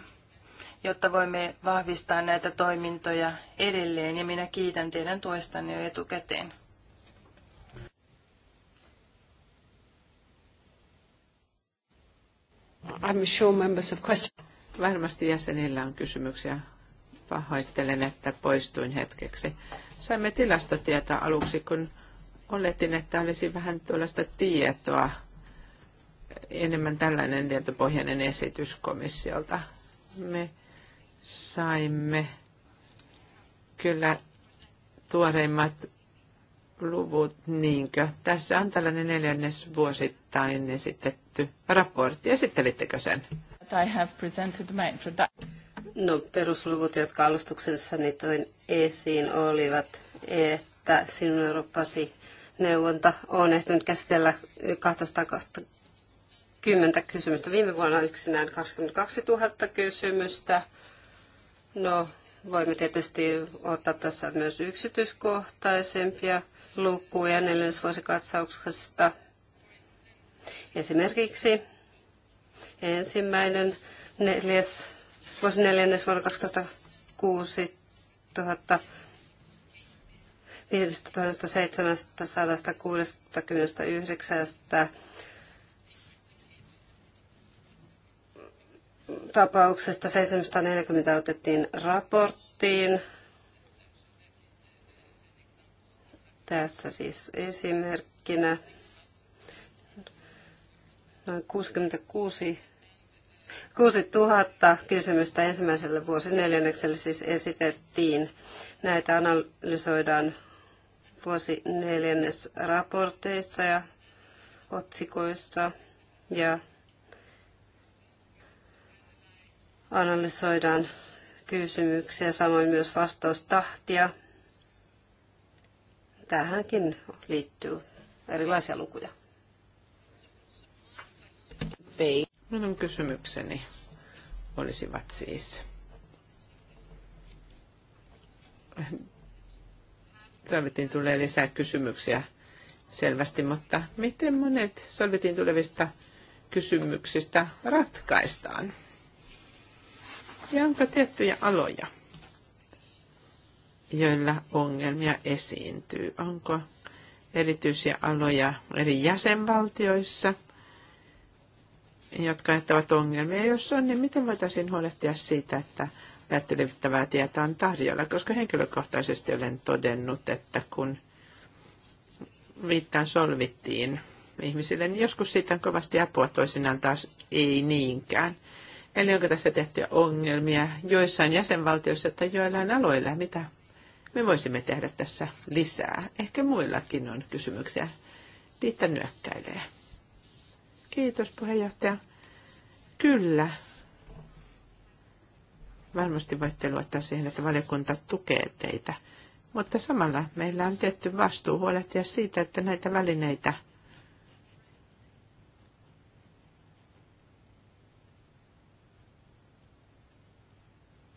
jotta voimme vahvistaa näitä toimintoja edelleen. Ja minä kiitän teidän tuestanne jo etukäteen. I'm sure members of question. Varmasti jäsenillä on kysymyksiä. Pahoittelen, että poistuin hetkeksi. Saimme tilastotietoa aluksi, kun oletin, että olisi vähän tuollaista tietoa, enemmän tällainen tietopohjainen esitys komissiolta. Me saimme kyllä tuoreimmat luvut, niinkö? Tässä on tällainen neljännes vuosittain esitetty raportti. Esittelittekö sen? I have presented my introduction. No, perusluvut, jotka alustuksessani toin esiin, olivat, että sinun Euroopasi neuvonta on ehtinyt käsitellä 220 kysymystä. Viime vuonna yksinään 22 000 kysymystä No, voimme tietysti ottaa tässä myös yksityiskohtaisempia lukuja neljännesvuosikatsauksesta. Esimerkiksi ensimmäinen neljäs, vuosi neljännes vuonna 2006 1569 tapauksesta 740 otettiin raporttiin. Tässä siis esimerkkinä noin 66 6000 kysymystä ensimmäiselle vuosineljännekselle siis esitettiin. Näitä analysoidaan vuosineljännesraporteissa ja otsikoissa ja analysoidaan kysymyksiä, samoin myös vastaustahtia. Tähänkin liittyy erilaisia lukuja. Minun kysymykseni olisivat siis Solvitin tulee lisää kysymyksiä selvästi, mutta miten monet Solvitin tulevista kysymyksistä ratkaistaan? jonka onko tiettyjä aloja, joilla ongelmia esiintyy? Onko erityisiä aloja eri jäsenvaltioissa, jotka aiheuttavat ongelmia? Jos on, niin miten voitaisiin huolehtia siitä, että ajattelevittävää tietoa on tarjolla, koska henkilökohtaisesti olen todennut, että kun viittaan solvittiin ihmisille, niin joskus siitä on kovasti apua, toisinaan taas ei niinkään. Eli onko tässä tehtyjä ongelmia joissain jäsenvaltioissa tai joillain aloilla? Mitä me voisimme tehdä tässä lisää? Ehkä muillakin on kysymyksiä. Niitä nyökkäilee. Kiitos puheenjohtaja. Kyllä. Varmasti voitte luottaa siihen, että valiokunta tukee teitä. Mutta samalla meillä on tietty vastuu huolehtia siitä, että näitä välineitä –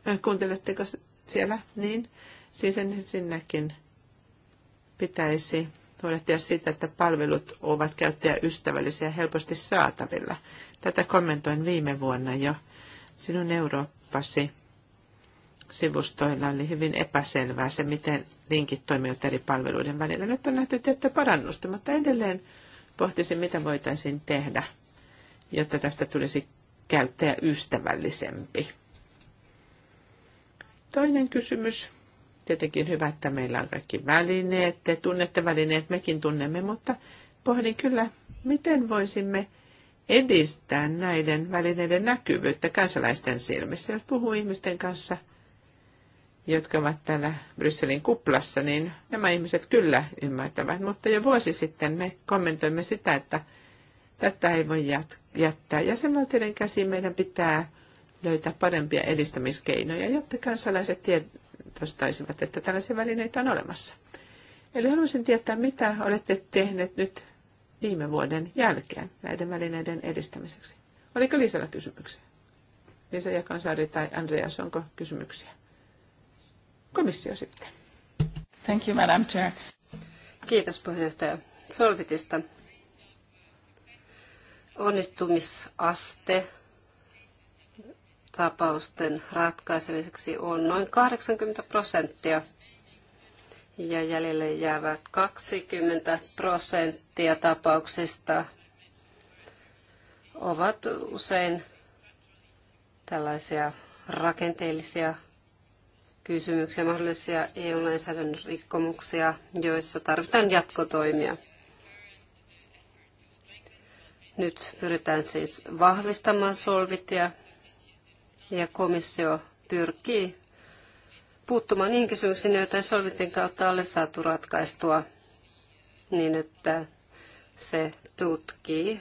Äh, kuunteletteko siellä? Niin. Siis ensinnäkin pitäisi huolehtia siitä, että palvelut ovat käyttäjäystävällisiä ja helposti saatavilla. Tätä kommentoin viime vuonna jo sinun Eurooppasi sivustoilla oli hyvin epäselvää se, miten linkit toimivat eri palveluiden välillä. Nyt on nähty tiettyä parannusta, mutta edelleen pohtisin, mitä voitaisiin tehdä, jotta tästä tulisi käyttäjäystävällisempi. Toinen kysymys. Tietenkin hyvä, että meillä on kaikki välineet. Te tunnette välineet, mekin tunnemme, mutta pohdin kyllä, miten voisimme edistää näiden välineiden näkyvyyttä kansalaisten silmissä. Jos puhuu ihmisten kanssa, jotka ovat täällä Brysselin kuplassa, niin nämä ihmiset kyllä ymmärtävät. Mutta jo vuosi sitten me kommentoimme sitä, että tätä ei voi jättää jäsenvaltioiden käsi Meidän pitää löytää parempia edistämiskeinoja, jotta kansalaiset tiedostaisivat, että tällaisia välineitä on olemassa. Eli haluaisin tietää, mitä olette tehneet nyt viime vuoden jälkeen näiden välineiden edistämiseksi. Oliko Liisalla kysymyksiä? Liisa Jakansaari tai Andreas, onko kysymyksiä? Komissio sitten. Thank you, Madam Chair. Kiitos puheenjohtaja Solvitista. Onnistumisaste tapausten ratkaisemiseksi on noin 80 prosenttia ja jäljelle jäävät 20 prosenttia tapauksista ovat usein tällaisia rakenteellisia kysymyksiä, mahdollisia EU-lainsäädännön rikkomuksia, joissa tarvitaan jatkotoimia. Nyt pyritään siis vahvistamaan solvitia ja komissio pyrkii puuttumaan niihin kysymyksiin, joita ei solvitin kautta ole saatu ratkaistua niin, että se tutkii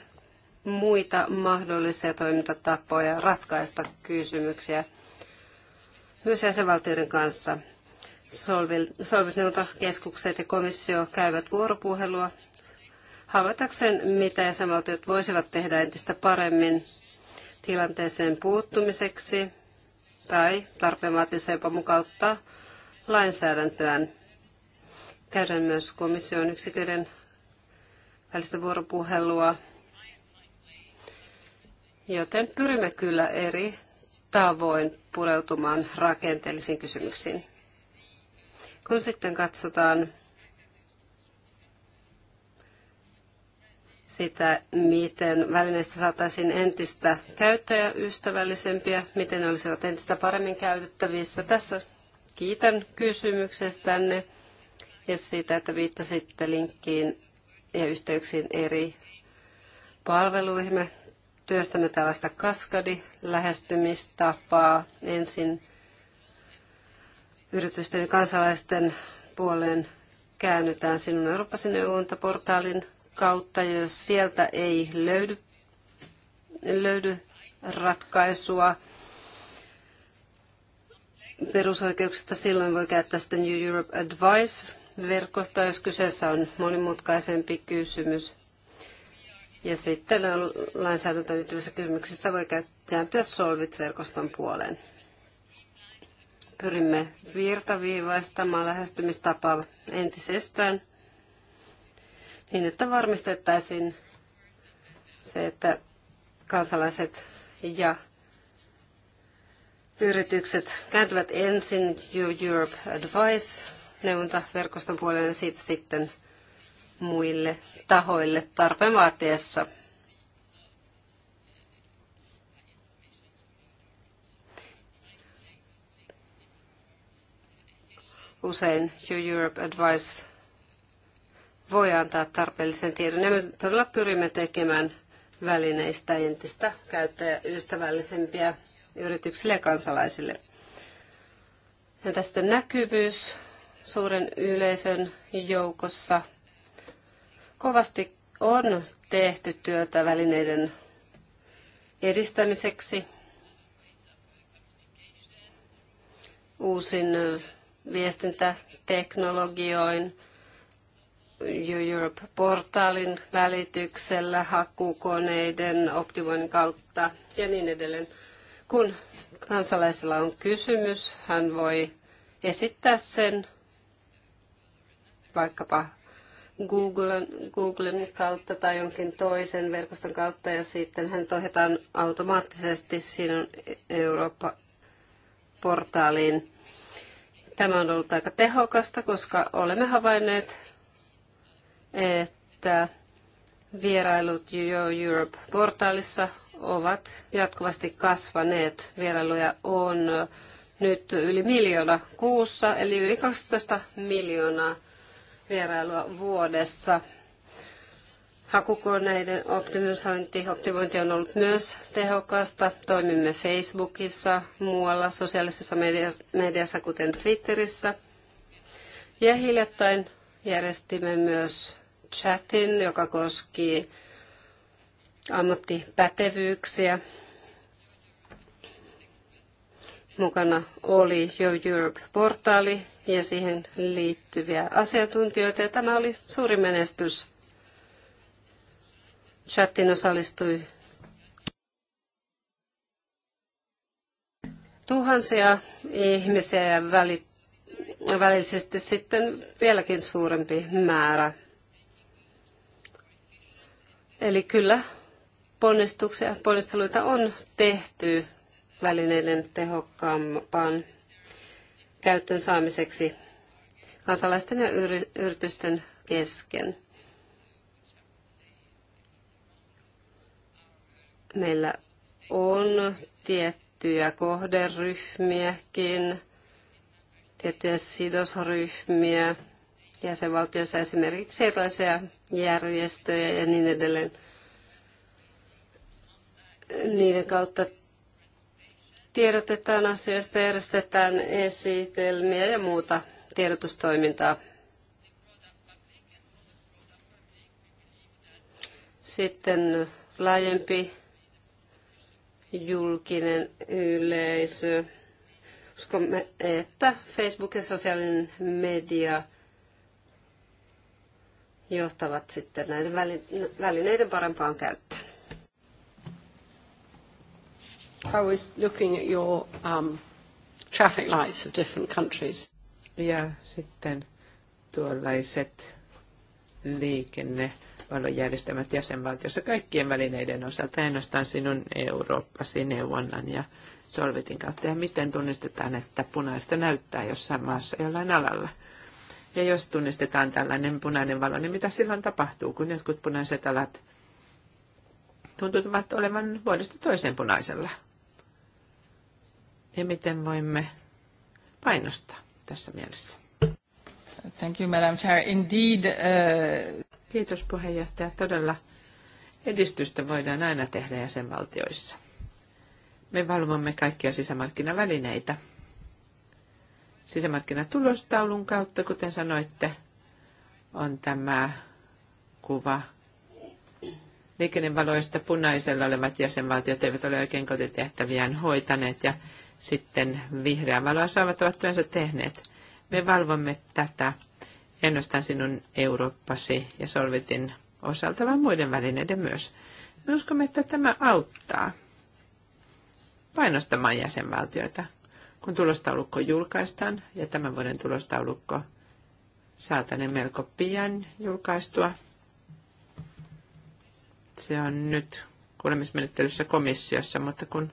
muita mahdollisia toimintatapoja ratkaista kysymyksiä myös jäsenvaltioiden kanssa. solvit keskukset ja komissio käyvät vuoropuhelua havaitakseen, mitä jäsenvaltiot voisivat tehdä entistä paremmin tilanteeseen puuttumiseksi tai tarpeen vaatisi jopa mukauttaa lainsäädäntöään. Käydään myös komission yksiköiden välistä vuoropuhelua, joten pyrimme kyllä eri tavoin pureutumaan rakenteellisiin kysymyksiin. Kun sitten katsotaan sitä, miten välineistä saataisiin entistä käyttäjäystävällisempiä, miten ne olisivat entistä paremmin käytettävissä. Tässä kiitän kysymyksestänne ja siitä, että viittasitte linkkiin ja yhteyksiin eri palveluihin. Me työstämme tällaista kaskadi-lähestymistapaa ensin yritysten ja kansalaisten puoleen käännytään sinun Euroopan neuvontaportaalin kautta, ja jos sieltä ei löydy, löydy ratkaisua perusoikeuksista, silloin voi käyttää sitten New Europe advice verkosta jos kyseessä on monimutkaisempi kysymys. Ja sitten lainsäädäntöön liittyvissä kysymyksissä voi kääntyä Solvit-verkoston puoleen. Pyrimme virtaviivaistamaan lähestymistapaa entisestään – niin että varmistettaisiin se, että kansalaiset ja yritykset kääntyvät ensin Europe Advice neuvontaverkoston puolelle ja siitä sitten muille tahoille tarpeen vaatiessa. Usein Europe Advice voi antaa tarpeellisen tiedon. Ja me todella pyrimme tekemään välineistä entistä käyttäjäystävällisempiä yrityksille ja kansalaisille. Entä sitten näkyvyys suuren yleisön joukossa? Kovasti on tehty työtä välineiden edistämiseksi. Uusin viestintäteknologioin, Europe-portaalin välityksellä, hakukoneiden optimoinnin kautta ja niin edelleen. Kun kansalaisella on kysymys, hän voi esittää sen vaikkapa Googlen, Googlen kautta tai jonkin toisen verkoston kautta ja sitten hän ohjataan automaattisesti sinun Eurooppa-portaaliin. Tämä on ollut aika tehokasta, koska olemme havainneet että vierailut Yo Europe-portaalissa ovat jatkuvasti kasvaneet. Vierailuja on nyt yli miljoona kuussa, eli yli 12 miljoonaa vierailua vuodessa. Hakukoneiden optimisointi, optimointi on ollut myös tehokasta. Toimimme Facebookissa, muualla sosiaalisessa mediassa, kuten Twitterissä. Ja hiljattain järjestimme myös chatin, joka koski ammattipätevyyksiä. Mukana oli jo Europe-portaali ja siihen liittyviä asiantuntijoita. Ja tämä oli suuri menestys. Chattiin osallistui tuhansia ihmisiä ja välillisesti sitten vieläkin suurempi määrä Eli kyllä ponnistuksia, ponnisteluita on tehty välineiden tehokkaampaan käyttöön saamiseksi kansalaisten ja yritysten kesken. Meillä on tiettyjä kohderyhmiäkin, tiettyjä sidosryhmiä jäsenvaltioissa esimerkiksi erilaisia järjestöjä ja niin edelleen. Niiden kautta tiedotetaan asioista, järjestetään esitelmiä ja muuta tiedotustoimintaa. Sitten laajempi julkinen yleisö. Uskomme, että Facebook ja sosiaalinen media – johtavat sitten näiden välineiden parempaan käyttöön. I was looking at your um, traffic lights of different countries. Ja sitten tuollaiset liikennevalojärjestelmät jäsenvaltiossa kaikkien välineiden osalta, ainoastaan sinun Eurooppasi neuvonnan ja solvitin kautta. Ja miten tunnistetaan, että punaista näyttää jossain maassa jollain alalla. Ja jos tunnistetaan tällainen punainen valo, niin mitä silloin tapahtuu, kun jotkut punaiset alat tuntuvat olevan vuodesta toiseen punaisella? Ja miten voimme painostaa tässä mielessä? Thank you, Madam Chair. Indeed, uh... Kiitos puheenjohtaja. Todella edistystä voidaan aina tehdä jäsenvaltioissa. Me valvomme kaikkia sisämarkkinavälineitä, sisämarkkinatulostaulun kautta, kuten sanoitte, on tämä kuva. Liikennevaloista punaisella olevat jäsenvaltiot eivät ole oikein kotitehtäviään hoitaneet ja sitten vihreää valoa saavat ovat työnsä tehneet. Me valvomme tätä ennustan sinun Eurooppasi ja Solvitin osalta, vaan muiden välineiden myös. Me uskomme, että tämä auttaa painostamaan jäsenvaltioita kun tulostaulukko julkaistaan, ja tämän vuoden tulostaulukko saatane melko pian julkaistua, se on nyt kuulemismenettelyssä komissiossa, mutta kun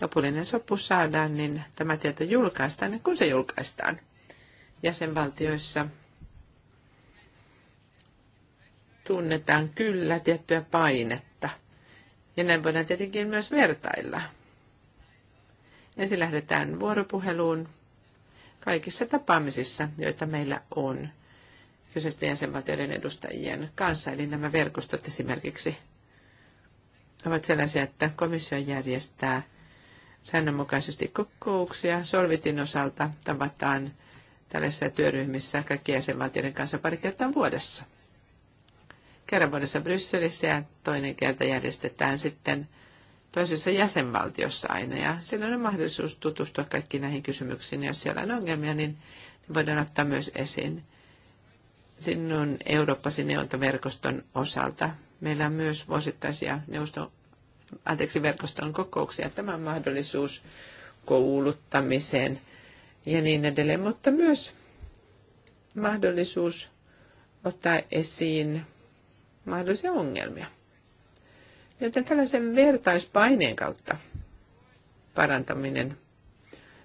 lopullinen sopu saadaan, niin tämä tieto julkaistaan, ja niin kun se julkaistaan jäsenvaltioissa, tunnetaan kyllä tiettyä painetta. Ja näin voidaan tietenkin myös vertailla Ensin lähdetään vuoropuheluun kaikissa tapaamisissa, joita meillä on kyseisten jäsenvaltioiden edustajien kanssa. Eli nämä verkostot esimerkiksi ovat sellaisia, että komissio järjestää säännönmukaisesti kokouksia. Solvitin osalta tavataan tällaisissa työryhmissä kaikkien jäsenvaltioiden kanssa pari kertaa vuodessa. Kerran vuodessa Brysselissä ja toinen kerta järjestetään sitten toisessa jäsenvaltiossa aina ja siellä on mahdollisuus tutustua kaikkiin näihin kysymyksiin. Jos siellä on ongelmia, niin voidaan ottaa myös esiin. Sinun Euroopasi neuvontaverkoston osalta. Meillä on myös vuosittaisia neuvosto, anteeksi, verkoston kokouksia. Tämä on mahdollisuus kouluttamiseen ja niin edelleen, mutta myös mahdollisuus ottaa esiin mahdollisia ongelmia. Joten tällaisen vertaispaineen kautta parantaminen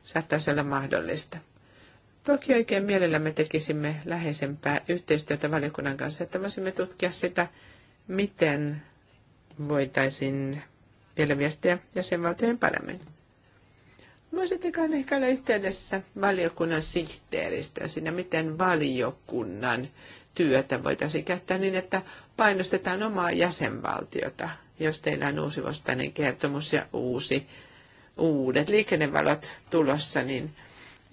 saattaisi olla mahdollista. Toki oikein mielellämme tekisimme läheisempää yhteistyötä valiokunnan kanssa, että voisimme tutkia sitä, miten voitaisiin vielä viestiä jäsenvaltojen paremmin. Voisittekaan ehkä olla yhteydessä valiokunnan sihteeristöön siinä, miten valiokunnan työtä voitaisiin käyttää niin, että painostetaan omaa jäsenvaltiota, jos teillä on uusi vuosittainen kertomus ja uusi, uudet liikennevalot tulossa, niin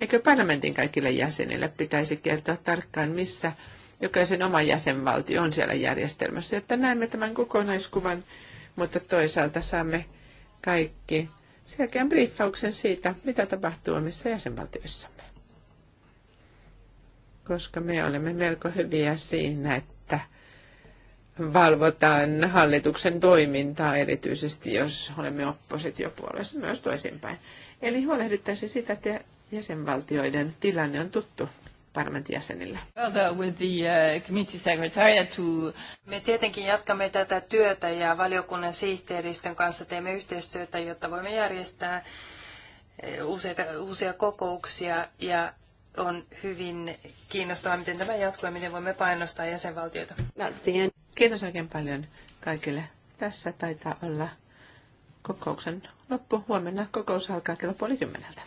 eikö parlamentin kaikille jäsenille pitäisi kertoa tarkkaan, missä jokaisen oma jäsenvaltio on siellä järjestelmässä, että näemme tämän kokonaiskuvan, mutta toisaalta saamme kaikki selkeän briefauksen siitä, mitä tapahtuu omissa jäsenvaltioissamme. Koska me olemme melko hyviä siinä, että valvotaan hallituksen toimintaa, erityisesti jos olemme oppositiopuolueessa myös toisinpäin. Eli huolehdittaisiin sitä, että jäsenvaltioiden tilanne on tuttu parlamentin jäsenillä. Uh, Me tietenkin jatkamme tätä työtä ja valiokunnan sihteeristön kanssa teemme yhteistyötä, jotta voimme järjestää eh, useita, uusia kokouksia ja on hyvin kiinnostavaa, miten tämä jatkuu ja miten voimme painostaa jäsenvaltioita. Kiitos oikein paljon kaikille. Tässä taitaa olla kokouksen loppu. Huomenna kokous alkaa kello puoli kymmeneltä.